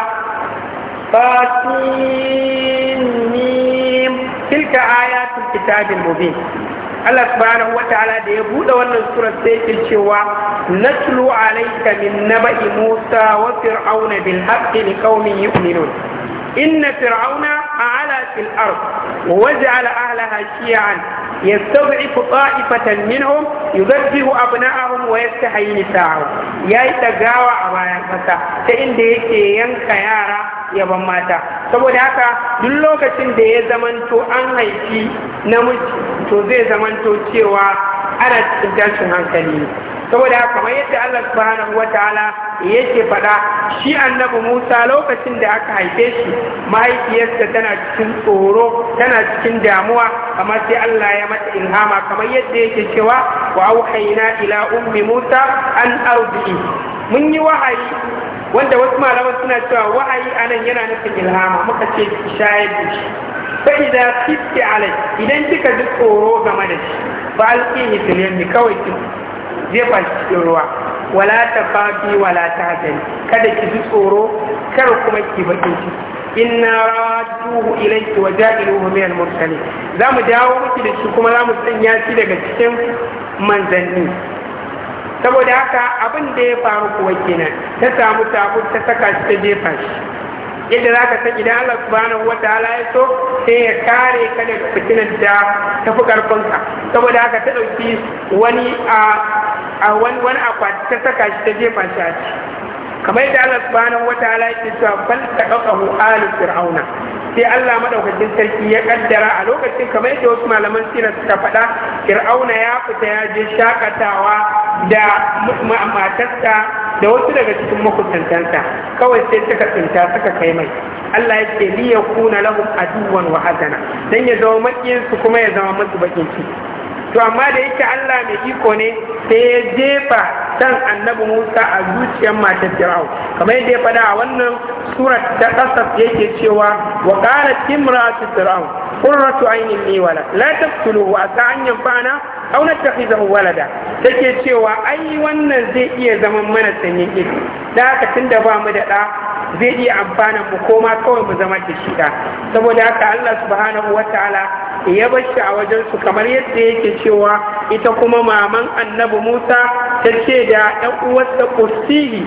fatin tilka ayatul kitabil mubin Allah subhanahu wataala da ya buɗe wannan sura sai yake cewa natlu alayka min naba'i Musa wa fir'auna bil haqqi liqaumin yu'minun inna fir'auna a'ala fil ard wa ja'ala ahlaha shi'an يستضعف طائفة a يذبح أبناءهم ويستحيي نساءهم a bayan أبايا ta inda yake yanka yara يبن mata. saboda haka duk lokacin da ya zamanto an haifi namiji to zai zamanto cewa ana cikin tashin hankali ne saboda kamar yadda Allah subhanahu wataala yake faɗa shi annabi Musa lokacin da aka haife shi mahaifiyarsa tana cikin tsoro tana cikin damuwa kamar sai Allah ya mata ilhama kamar yadda yake cewa wa auhayna ila ummi Musa an ardi mun yi wahayi wanda wasu malaman suna cewa wahayi anan yana nufin ilhama muka ce shayar da shi fa idza kitti alai idan kika ji tsoro game da shi fa alqihi fil yammi kawai ki jefa shi cikin ruwa wala tafafi wala kada ki ji tsoro kar kuma ki bakin ciki inna raduhu ilayki wa ja'iluhu min al-mursalin zamu dawo miki da shi kuma zamu sanya shi daga cikin manzanni saboda haka abin da ya faru kuwa kenan ta samu tabu ta saka shi ta jefa shi yadda za ka saki idan Allah subhanahu wataala ya so sai ya kare ka daga fitinar da ta fi karfinka saboda haka ta ɗauki wani a wani akwati ta saka shi ta jefa shi kamar yadda Allah subhanahu wataala yake cewa bal taqahu alu fir'auna sai Allah madaukakin sarki ya kaddara a lokacin kamar yadda wasu malaman sirra suka faɗa fir'auna ya fita ya je shakatawa da matarsa da wasu daga cikin makusantansa kawai sai suka tsinta suka kai mai Allah yake li yakuna lahum aduwan wa hazana dan ya zama makiyin kuma ya zama musu bakin ciki to amma da yake Allah mai iko ne sai ya jefa san annabi Musa a zuciyar matar firawun kamar yadda ya faɗa a wannan surat ta kasas yake cewa wa qalat imra'atu firawun. qurratu ainin ni wala la taqtuluhu asa an yanfa'ana aw nattakhizahu walada take cewa ai wannan zai iya zaman mana sanyin ido da haka tunda ba mu da ɗa zai iya amfana mu koma kawai mu zama da shi da saboda haka Allah subhanahu wataala ya bashi a wajen su kamar yadda yake cewa ita kuma maman annabi Musa ta ce da ɗan uwarsa Kusiri,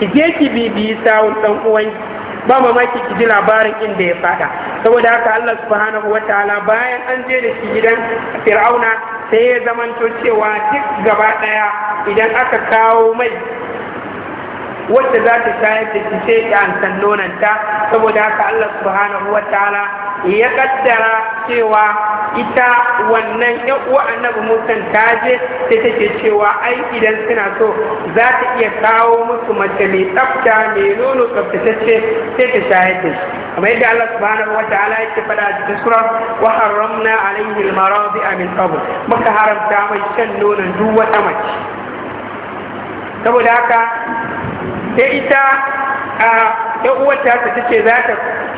ki je ki bibiyi sawun ɗan uwanki ba mamaki ki ji labarin inda ya fada saboda haka Allah subhanahu ta'ala bayan an je da shi gidan fir'auna sai ya zamanto cewa duk gaba ɗaya idan aka kawo mai wacce za ta shayar da shi sai ta ansan nonanta saboda haka Allah subhanahu ta'ala ya kaddara cewa ita wannan yan uwa annabi musan ta je sai take cewa ai idan suna so za ta iya kawo musu mace mai tsafta mai nono tsaftatacce sai ta shayar da shi kamar yadda Allah subhanahu wata'ala yake fada a cikin sura wa haramna alayhi al-maradi'a min qabl Maka haramta mai shan nonon duk wata mace saboda haka sai ita a yan uwarta ta ce za ta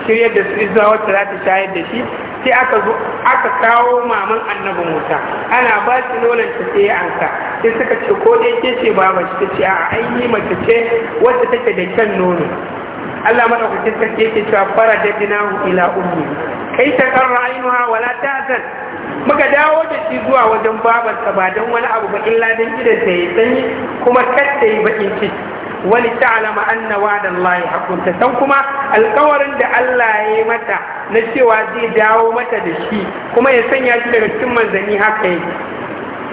shirya da su izuwa wacce za ta shayar da shi sai aka zo aka kawo maman annabi musa ana ba shi nonon ta sai an sa sai suka ce ko dai ke ce ba shi ta ce a ainihi mace ce wacce take da kyan nono Allah madaukakin sarki yake cewa faradadnahu ila ummi kai ta karra ainuha wala ta'zan muka dawo da shi zuwa wajen babarsa ba don wani abu ba illa dan gidan sa ya sanyi kuma kadda yi bakin ciki wani ta'alama anna wa'ada Allah haqqun ta san kuma alƙawarin da Allah ya yi mata na cewa zai dawo mata da shi kuma ya sanya shi daga cikin manzanni haka yake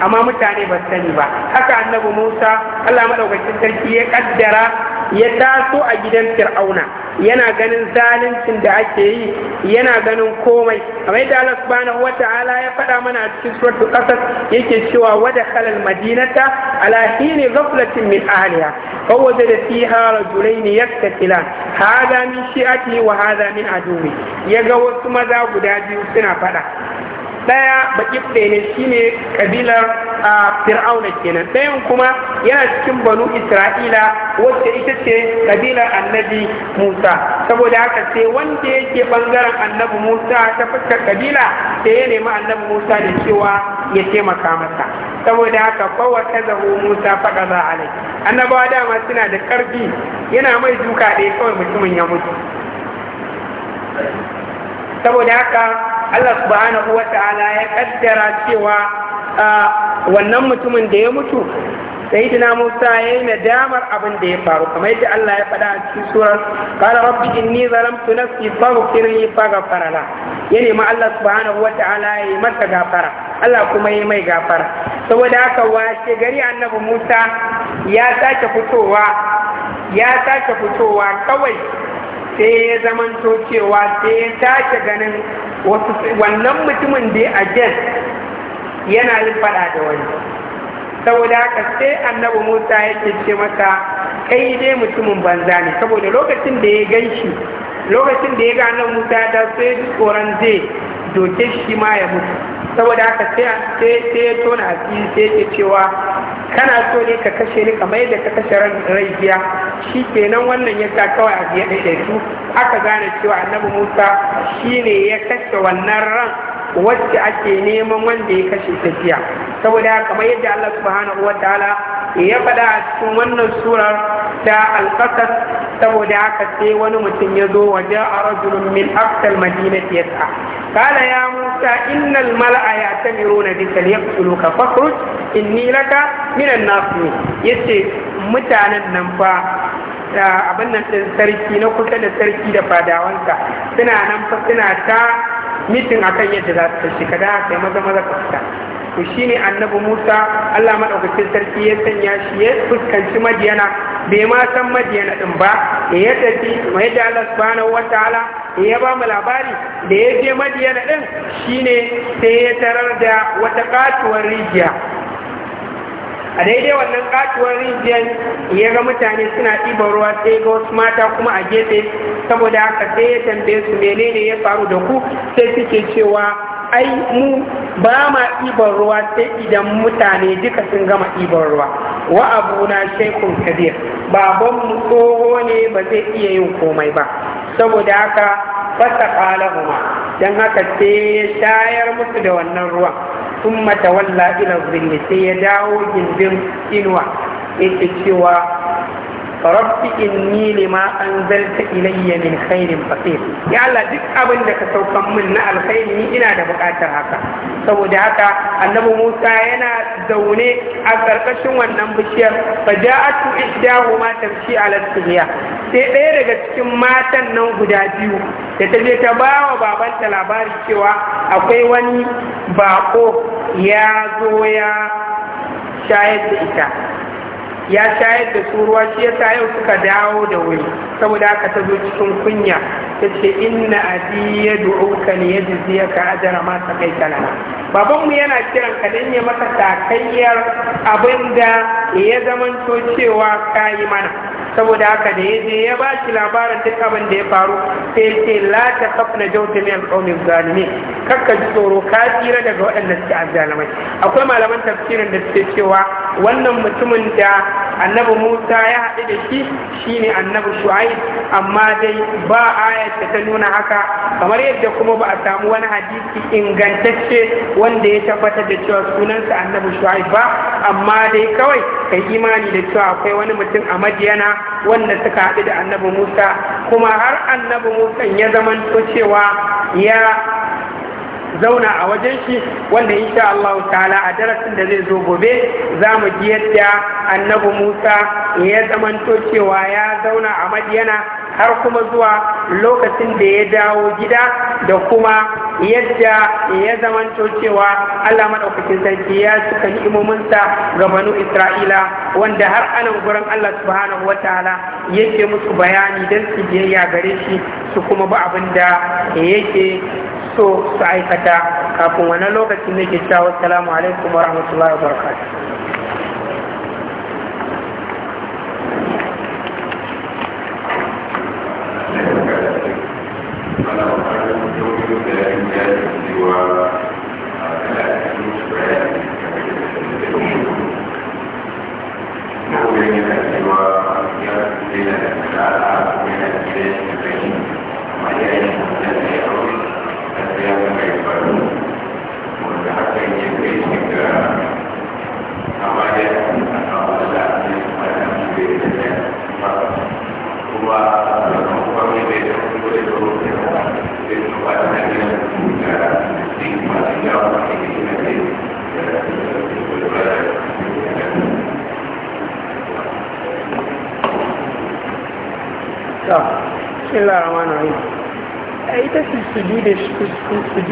amma mutane ba sani ba haka annabi Musa Allah madaukakin sarki ya kaddara ya taso a gidan Fir'auna yana ganin zaluncin da ake yi yana ganin komai kamar yadda Allah subhanahu wata'ala ya faɗa mana a cikin suratul qasas yake cewa wada khalal madinata ala hini ghaflatin min ahliha fa wajada fiha rajulayn yaktatilan hadha min shi'ati wa hadha min aduwi yaga wasu maza guda biyu suna faɗa ɗaya baƙiɓɗe ne shine kabilar fir'auna kenan ɗayan kuma yana cikin banu isra'ila wacce ita ce kabilar annabi musa saboda haka sai wanda yake bangaren annabi musa ta fuskar kabila sai ya nemi annabi musa da cewa ya taimaka masa saboda haka bawa ta zaho musa faɗa za a annabawa dama suna da ƙarfi yana mai duka ɗaya kawai mutumin ya mutu saboda haka Allah subhanahu wa ta'ala ya kaddara cewa wannan mutumin da ya mutu sayyidina Musa yayi nadamar abin da ya faru kamar yadda Allah ya faɗa a cikin surar qala rabbi inni zalamtu nafsi faghfir li faghfara la ya nemi Allah subhanahu wa ta'ala ya yi masa gafara Allah kuma ya yi mai gafara saboda haka washe gari annabi Musa ya sake fitowa ya sake fitowa kawai sai ya zamanto cewa sai ya sake ganin Wasu wannan mutumin da a jen yana yin fada da wani saboda haka sai annabi musa ya ce masa kai dai mutumin banza ne saboda lokacin da ya gan shi lokacin da ya ga annabi musa ya sai tsoron zai doke shi ma ya mutu saboda haka sai sai ya tona asiri sai yake cewa kana so ne ka kashe ni kamar yadda ka kashe rai biya shi kenan wannan ya sa kawai abu ya ɗaiɗaitu aka gane cewa annabi musa shine ya kashe wannan ran wacce ake neman wanda ya kashe tafiya saboda kamar yadda Allah subhanahu wa ta'ala ya faɗa a cikin wannan surar ta alƙasas saboda haka sai wani mutum ya zo waje a rajulun min aqsal madinati yas'a قال يا موسى إن الملأ يعتمرون بك ليقتلوك فاخرج إني لك من الناصرين يسي متانا ننفع da abin nan ɗin sarki na kusa da sarki da fadawansa suna nan fa suna ta mitin akan yadda za su kashe ka da kai maza maza ka fita to shine annabi Musa Allah madaukakin sarki ya sanya shi ya fuskanci Madiyana bai ma san Madiyana din ba ya tafi mai da Allah subhanahu wataala ya ba mu labari da ya je Madiyana din shine sai ya tarar da wata katuwar rijiya a daidai wannan katuwar rijiyar ya ga mutane suna ɗiban ruwa sai ga wasu mata kuma a gefe saboda haka sai ya tambaye su menene ya faru da ku sai suke cewa ai mu ba ma ɗiban ruwa sai idan mutane duka sun gama ɗiban ruwa wa abuna shekun kabir baban mu tsoho ne ba zai iya yin komai ba saboda haka fasa ruwa don haka sai ya shayar musu da wannan ruwan sun tawalla ila zilli sai ya dawo gindin inuwa yake cewa rabbi inni lima anzalta ilayya min khairin fakir ya Allah duk abin da ka saukan min na alkhairi ina da bukatar haka saboda haka annabi Musa yana zaune a karkashin wannan bishiyar faja'atu ihdahuma tamshi ala sihiya sai ɗaya daga cikin matan nan guda biyu da ta je ta ba wa babanta labari cewa akwai wani bako ya zo ya shayar da ita ya shayar da su ruwa shi yasa yau suka dawo da wuri saboda haka ta zo cikin kunya ta ce inna abi ya du'uka li ka ajara ma ta kai baban Babanmu yana kiran ka dan ya maka takayyar abinda ya zamanto cewa ka yi mana saboda haka da ya je ya ba shi labarin duk abin da ya faru sai ce la ta kafna jauta min alqawmin zalimin kakka ji tsoro ka tsira daga waɗanda suke azzalamai akwai malaman tafsirin da suke cewa wannan mutumin da annabi Musa ya haɗu da shi shine annabi Shu'aib amma dai ba a da ta nuna haka kamar yadda kuma ba a samu wani hadisi ingantacce wanda ya tabbatar da cewa sunansa annabi Shu'aib ba amma dai kawai kai imani da cewa akwai wani mutum a Madiyana wanda suka haɗu da annabi Musa kuma har annabi Musa ya zamanto cewa ya zauna a wajen shi wanda insha Allah ta'ala a darasin da zai zo gobe za mu ji yadda annabi Musa ya zamanto cewa ya zauna a Madiyana har kuma zuwa lokacin da ya dawo gida da kuma yadda ya zamanto cewa Allah madaukakin sarki ya cika ni'imominsa ga banu Isra'ila wanda har anan gurin Allah subhanahu wataala yake musu bayani dan su biyayya gare shi su kuma ba abin da yake so su aikata kafin wannan lokacin ne ke cewa assalamu alaikum wa rahmatullahi wa barakatuh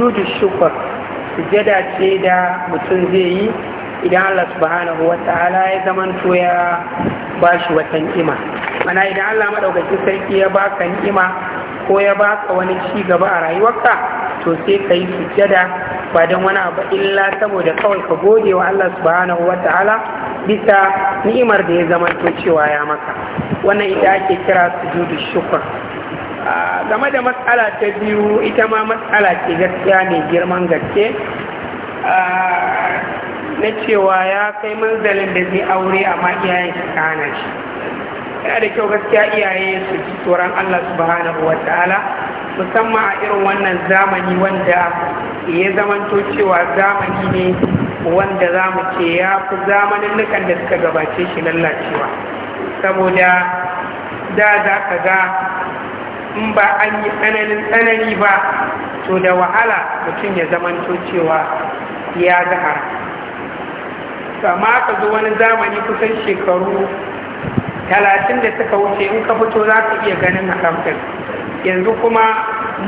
sujudu shukur, sujada ce da mutum zai yi idan Allah subhanahu wa ta'ala ya zamanto ya bashi wata ni'ima mana idan Allah madaukakin sarki ya baka ni'ima ko ya baka wani ci gaba a rayuwarka to sai ka yi sujada. ba don wani abu illa saboda kawai ka gode wa Allah subhanahu wa ta'ala bisa ni'imar da ya zamanto cewa ya maka wannan ita ake kira sujudu shukur. game da matsala ta biyu ita ma matsala ce gaskiya mai girman gaske ah, na cewa ya kai manzalin da zai aure amma iyayen shi kana shi yana da kyau gaskiya iyaye su ji tsoron Allah subhanahu wa ta'ala musamman a irin wannan zamani wanda ya zamanto cewa zamani ne wanda za mu ce ya fi zamanin nukan da suka gabace shi lallacewa saboda da za ka ga in ba an yi tsananin tsanani ba to da wahala mutum ya zamanto cewa ya zaha amma ka zo wani zamani kusan shekaru talatin da suka wuce in ka fito za ka iya ganin haramtar yanzu kuma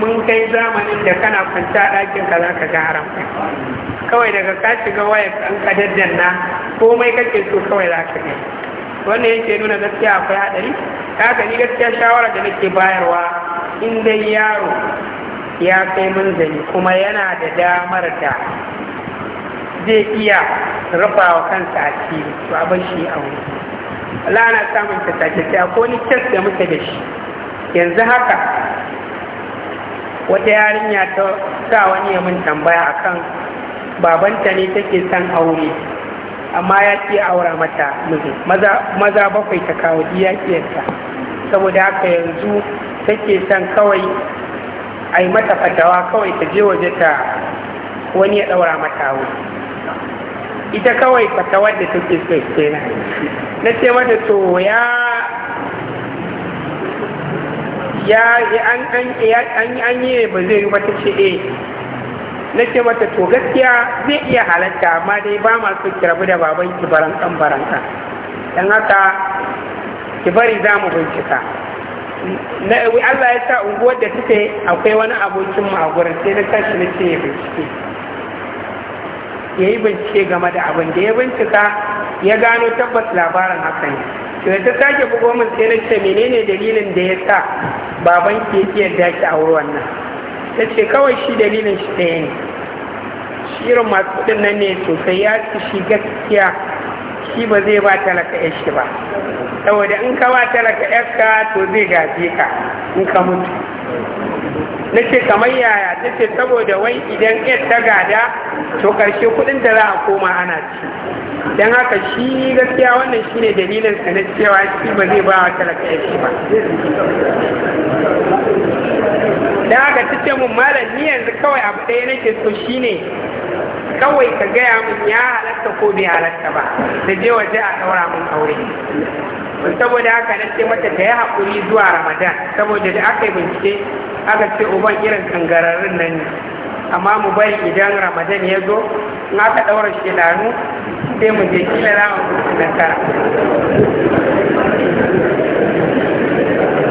mun kai zamanin da kana kwanta a ɗakin ka za ka ga haramtar kawai daga ka shiga waya an ka komai kake so kawai za ka gani wannan yake nuna gaskiya akwai haɗari ta ni gaskiya shawara da nake bayarwa in dai yaro ya kai zane kuma yana da damar da zai iya rufa wa kansa a cikin to abin shi a wuri lana samun tattace ta ko ni kes da muke da shi yanzu haka wata yarinya ta sa wani ya mun tambaya akan babanta ne take son aure amma ya ce aura mata maza bakwai ta kawo iyakiyarta saboda haka yanzu take son kawai a yi mata fatawa kawai ta je waje ta wani ya ɗaura mata wu ita kawai fatawar da take so kenan na ce mata to ya ya an yi ba zai yi ta ce eh na ce mata to gaskiya zai iya halatta amma dai ba ma so ki rabu da baban ki baran baranka dan haka ki bari za mu bincika na Allah ya sa unguwar da take akwai wani abokin mu a gurin sai na tashi na ce bincike ya bincike game da abin da ya bincika ya gano tabbas labarin hakan. ne to ya ta sake bugo min sai na ce menene dalilin da ya sa baban ki ya daki a wurin nan ta ce kawai shi dalilin shi ɗaya ne shirin masu kuɗin nan ne sosai ya ci shi gaskiya shi ba zai ba talaka ya shi ba saboda in ka ba talaka ya ka to zai gaje ka in ka mutu na ce kamar yaya ta ce saboda wai idan ƙet ta gada to ƙarshe kudin da za a koma ana ci don haka shi gaskiya wannan ne dalilin sa na cewa shi ba zai ba wa talaka ya ba da haka ta ce mun malam ni yanzu kawai abu ɗaya nake so shi ne kawai ka gaya mun ya halatta ko bai halatta ba da je waje a ɗaura mun aure saboda haka na ce mata ta yi haƙuri zuwa ramadan saboda da aka yi bincike aka ce uban irin kangararrun nan ne amma mu bari idan ramadan ya zo in aka ɗaura shilanu sai mu je kila na nasara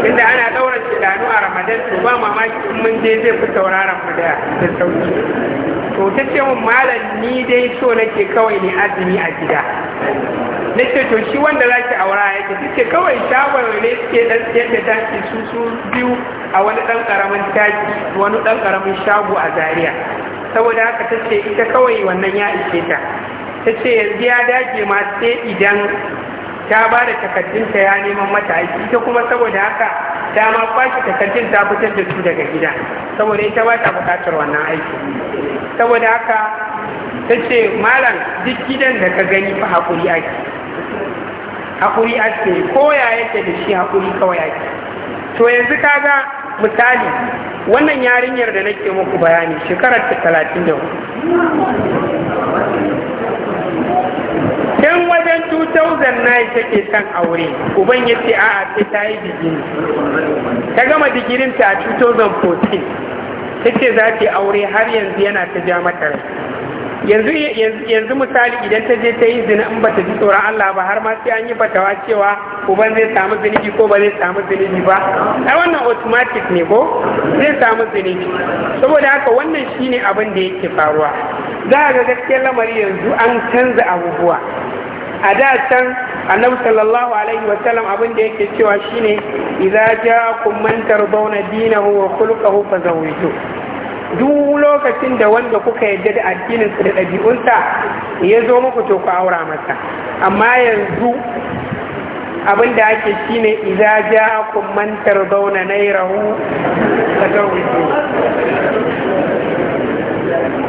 inda ana ɗaura shilanu a ramadan to ba mamaki in mun je zai fi sauraron mu da sauki to ta ce mun malam ni dai so nake kawai ne azumi a gida na ce to shi wanda za ki aura yake ke ce kawai ne suke dan yadda taki su su biyu a wani dan karamin taki wani dan karamin shago a Zariya. saboda haka ta ce ita kawai wannan ya ishe ta ta ce yanzu ya dage ma sai idan ta ba da takardunta ya neman mata aiki ita kuma saboda haka ta ma kwashe takardun ta fitar da su daga gida saboda ita ba ta bukatar wannan aiki saboda haka ta ce malam duk gidan da ka gani fa haƙuri ake haƙuri ake ko ya yake da shi haƙuri kawai ake to yanzu ka ga misali wannan yarinyar da nake muku bayani shekarar ta talatin da hudu dan wajen 2009 take kan aure uban ya ce a'a sai ta yi digiri ta gama digirinta a 2014 take za ta aure har yanzu yana ta ja mata yanzu misali idan ta je ta yi zina in ba ta ji tsoron Allah ba har ma sai an yi fatawa cewa uban zai samu zunubi ko ba zai samu zunubi ba ai wannan automatic ne ko zai samu zunubi saboda haka wannan shine abin da yake faruwa za a ga gaskiyar lamari yanzu an canza abubuwa a da can annabi sallallahu alaihi wa sallam abin da yake cewa shine idza ja'akum man tardawna dinahu wa khulquhu fazawwiju duk lokacin da wanda kuka yadda da addininsa da ɗabi'unsa ya zo muku to ku aura masa amma yanzu abin da ake shi ne iza ja kun mantar zauna na yi rahu zaune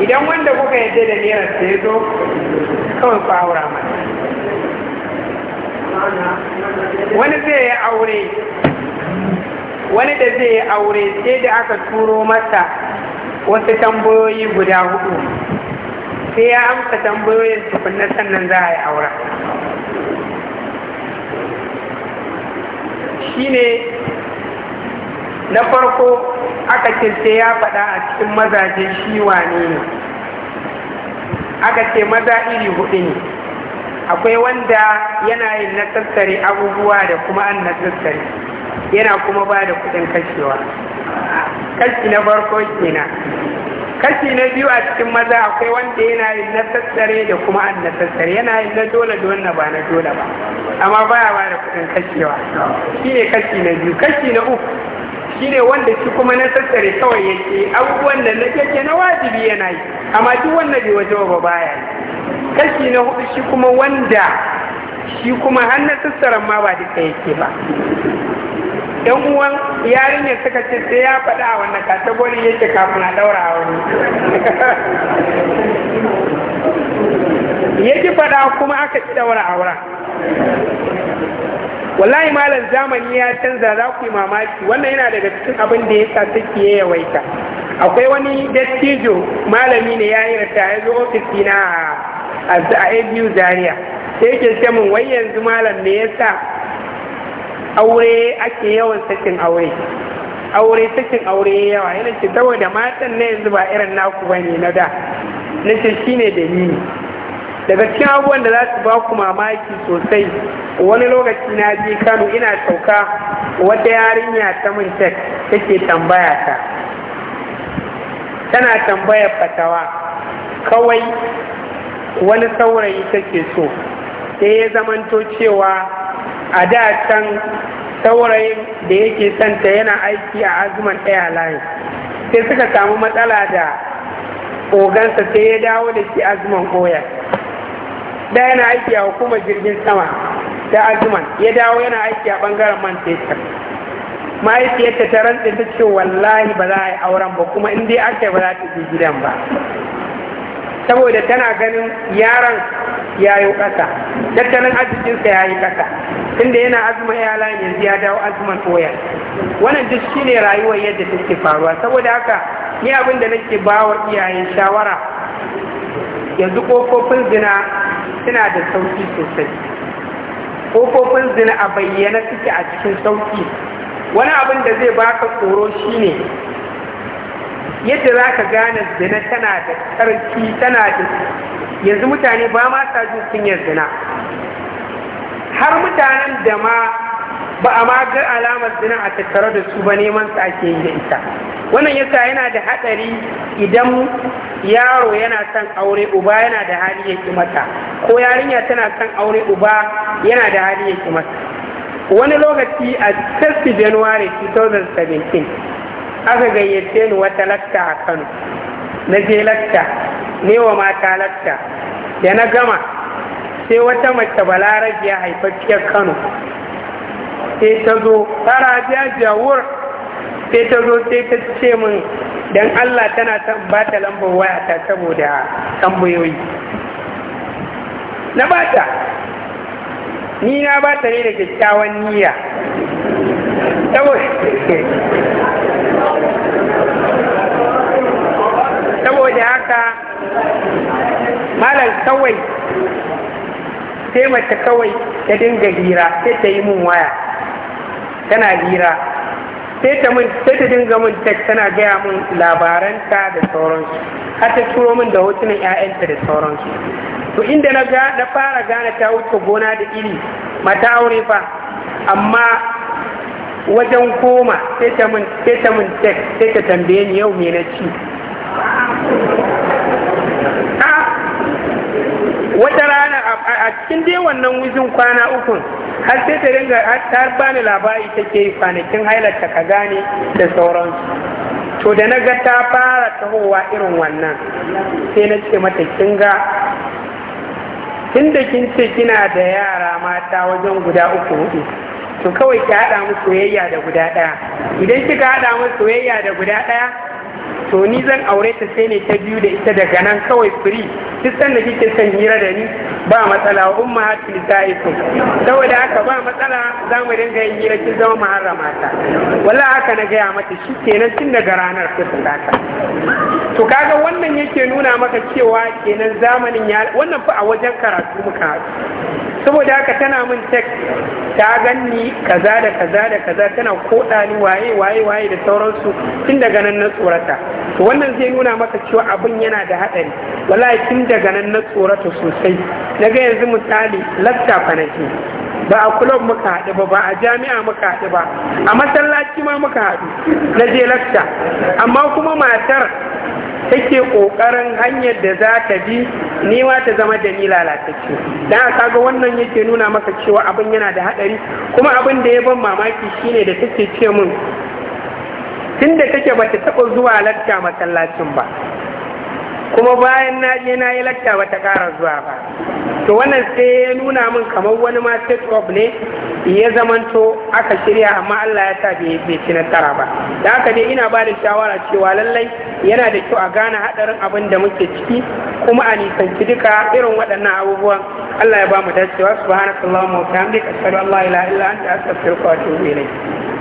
idan wanda kuka yadda da naira ta ya zo kawai ku aura masa wani zai yi aure wani da zai yi aure sai da aka turo masa wasu tambayoyi guda hudu sai ya amsa tambayoyin tukunna sannan za a yi aura shine na farko aka ce ya faɗa a cikin mazaje shi wane ne aka ce maza iri hudu ne akwai wanda yana yin na abubuwa da kuma an na yana kuma ba da kudin kashewa kashi na farko kenan kashi na biyu a cikin maza akwai wanda yana yin na sassare da kuma an na sassare yana yin na dole da wannan ba na dole ba amma baya ba da kudin kashewa ne kashi na biyu kashi na uku shi ne wanda shi kuma na sassare kawai yake abubuwan da na yake na wajibi yana yi amma duk wanda bai waje ba baya yi kashi na hudu shi kuma wanda shi kuma har na sassaren ma ba duka yake ba dan uwan yarinyar suka ce sai ya faɗa a wannan katagori yake kafin a ɗaura a wani yake faɗa kuma aka ci ɗaura a wurin wallahi malam zamani ya canza za ku yi mamaki wannan yana daga cikin abin da ya sa take ya yawaita akwai wani dattijo malami ne ya yi rata ya zo ofis na a abu zaria sai yake ce min wai yanzu malam sa. aure ake yawan sakin aure aure sakin aure yawa yana ce saboda matan na yanzu ba irin naku bane na da na ce shine dalili daga cikin abubuwan da za su ba ku mamaki sosai wani lokaci na je kano ina sauka wata yarinya ta min tek take tambaya ta tana tambayar fatawa kawai wani saurayi take so sai ya zamanto cewa a da can saurayin da yake santa yana aiki a azuman airline sai suka samu matsala da ogansa sai ya dawo da shi azuman koya da yana aiki a hukumar jirgin sama ta azuman ya dawo yana aiki a bangaren man fetur mahaifiyarta ta rantse ta ce wallahi ba za a yi auren ba kuma in dai aka ba za ta je gidan ba saboda tana ganin yaron ya yi ƙasa tattalin arzikinsa ya yi ƙasa tunda yana azumin yala, yanzu ya dawo azumin oil wannan duk shine rayuwar yadda take faruwa saboda haka ni abin da nake bawa iyayen shawara yanzu kofofin zina suna da sauki sosai kofofin zina a bayyana suke a cikin sauki wani abin da zai baka tsoro shine yadda za ka gane zina tana da ƙarfi tana da yanzu mutane ba ma sa jin yi zina har mutanen da ma ba a ma ga alamar zina a tattare da su ba neman su ake yi da ita wannan yasa yana da haɗari idan yaro yana son aure uba yana da hali ya ki mata ko yarinya tana son aure uba yana da hali ya ki mata wani lokaci a 6 Januari 2017 aka gayyace ni wata lakta a kano na je lakta ne wa mata lakta da na gama sai wata mace balarabi ya haifafiyar kano sai ta zo tara biya jawur sai ta zo sai ta ce min don allah tana ba ta lambar waya ta saboda tambayoyi na bata ni na bata ne da kyakkyawan niyya saboda haka malam kawai sai mace kawai ta dinga hira sai ta yi mun waya tana hira sai ta mun sai ta dinga mun ta tana gaya mun labaranta da sauransu har ta turo min da hotunan 'ya'yanta da sauransu to inda na ga na fara gane ta wuce gona da iri mata aure fa amma wajen koma sai ta mun sai ta mun sai ta tambaye ni yau me na ci cikin dai wannan wujin kwana ukun har sai ta dinga ta bani labari take yi kwanakin hailarta ka gane da sauransu to da na ta fara tahowa irin wannan sai na ce mata kin ga tunda kin ce kina da yara mata wajen guda uku hudu to kawai ki haɗa mu soyayya da guda ɗaya idan kika haɗa mu soyayya da guda ɗaya to ni zan aure ta sai ne ta biyu da ita daga nan kawai firi duk sanda kike san hira da ni ba matsala wa umma hatul sa'iku saboda haka ba matsala za mu dinga yin hira kin zama muharrama ta wallahi haka na gaya mata shi kenan tun daga ranar ta sadaka to kaga wannan yake nuna maka cewa kenan zamanin ya wannan fa a wajen karatu muka saboda haka tana min tek ta ganni kaza da kaza da kaza tana koda ni waye waye waye da sauransu tun daga nan na tsorata to wannan zai nuna maka cewa abin yana da hadari wallahi tun daga nan na tsorata sosai daga yanzu misali lafta fanaki ba a kulob muka haɗu ba ba a jami'a muka haɗu ba a masallaci ma muka haɗu na je lafta amma kuma matar take ƙoƙarin hanyar da za ta bi niwa ta zama da ni lalatacce dan kaga wannan yake nuna maka cewa abin yana da haɗari kuma abin da ya ban mamaki shine da take ce min tunda take ta taɓa zuwa lakka masallacin ba kuma bayan na je na yi ba ta ƙara zuwa ba to wannan sai ya nuna min kamar wani ma state of ne ya zamanto aka shirya amma Allah ya sa bai ci nasara ba da haka dai ina ba da shawara cewa lallai yana da kyau a gane hadarin abin da muke ciki kuma a nisanci duka irin waɗannan abubuwan Allah ya ba mu dacewa subhanakallahumma wa bihamdika asyhadu an la ilaha illa anta astaghfiruka wa atubu ilayk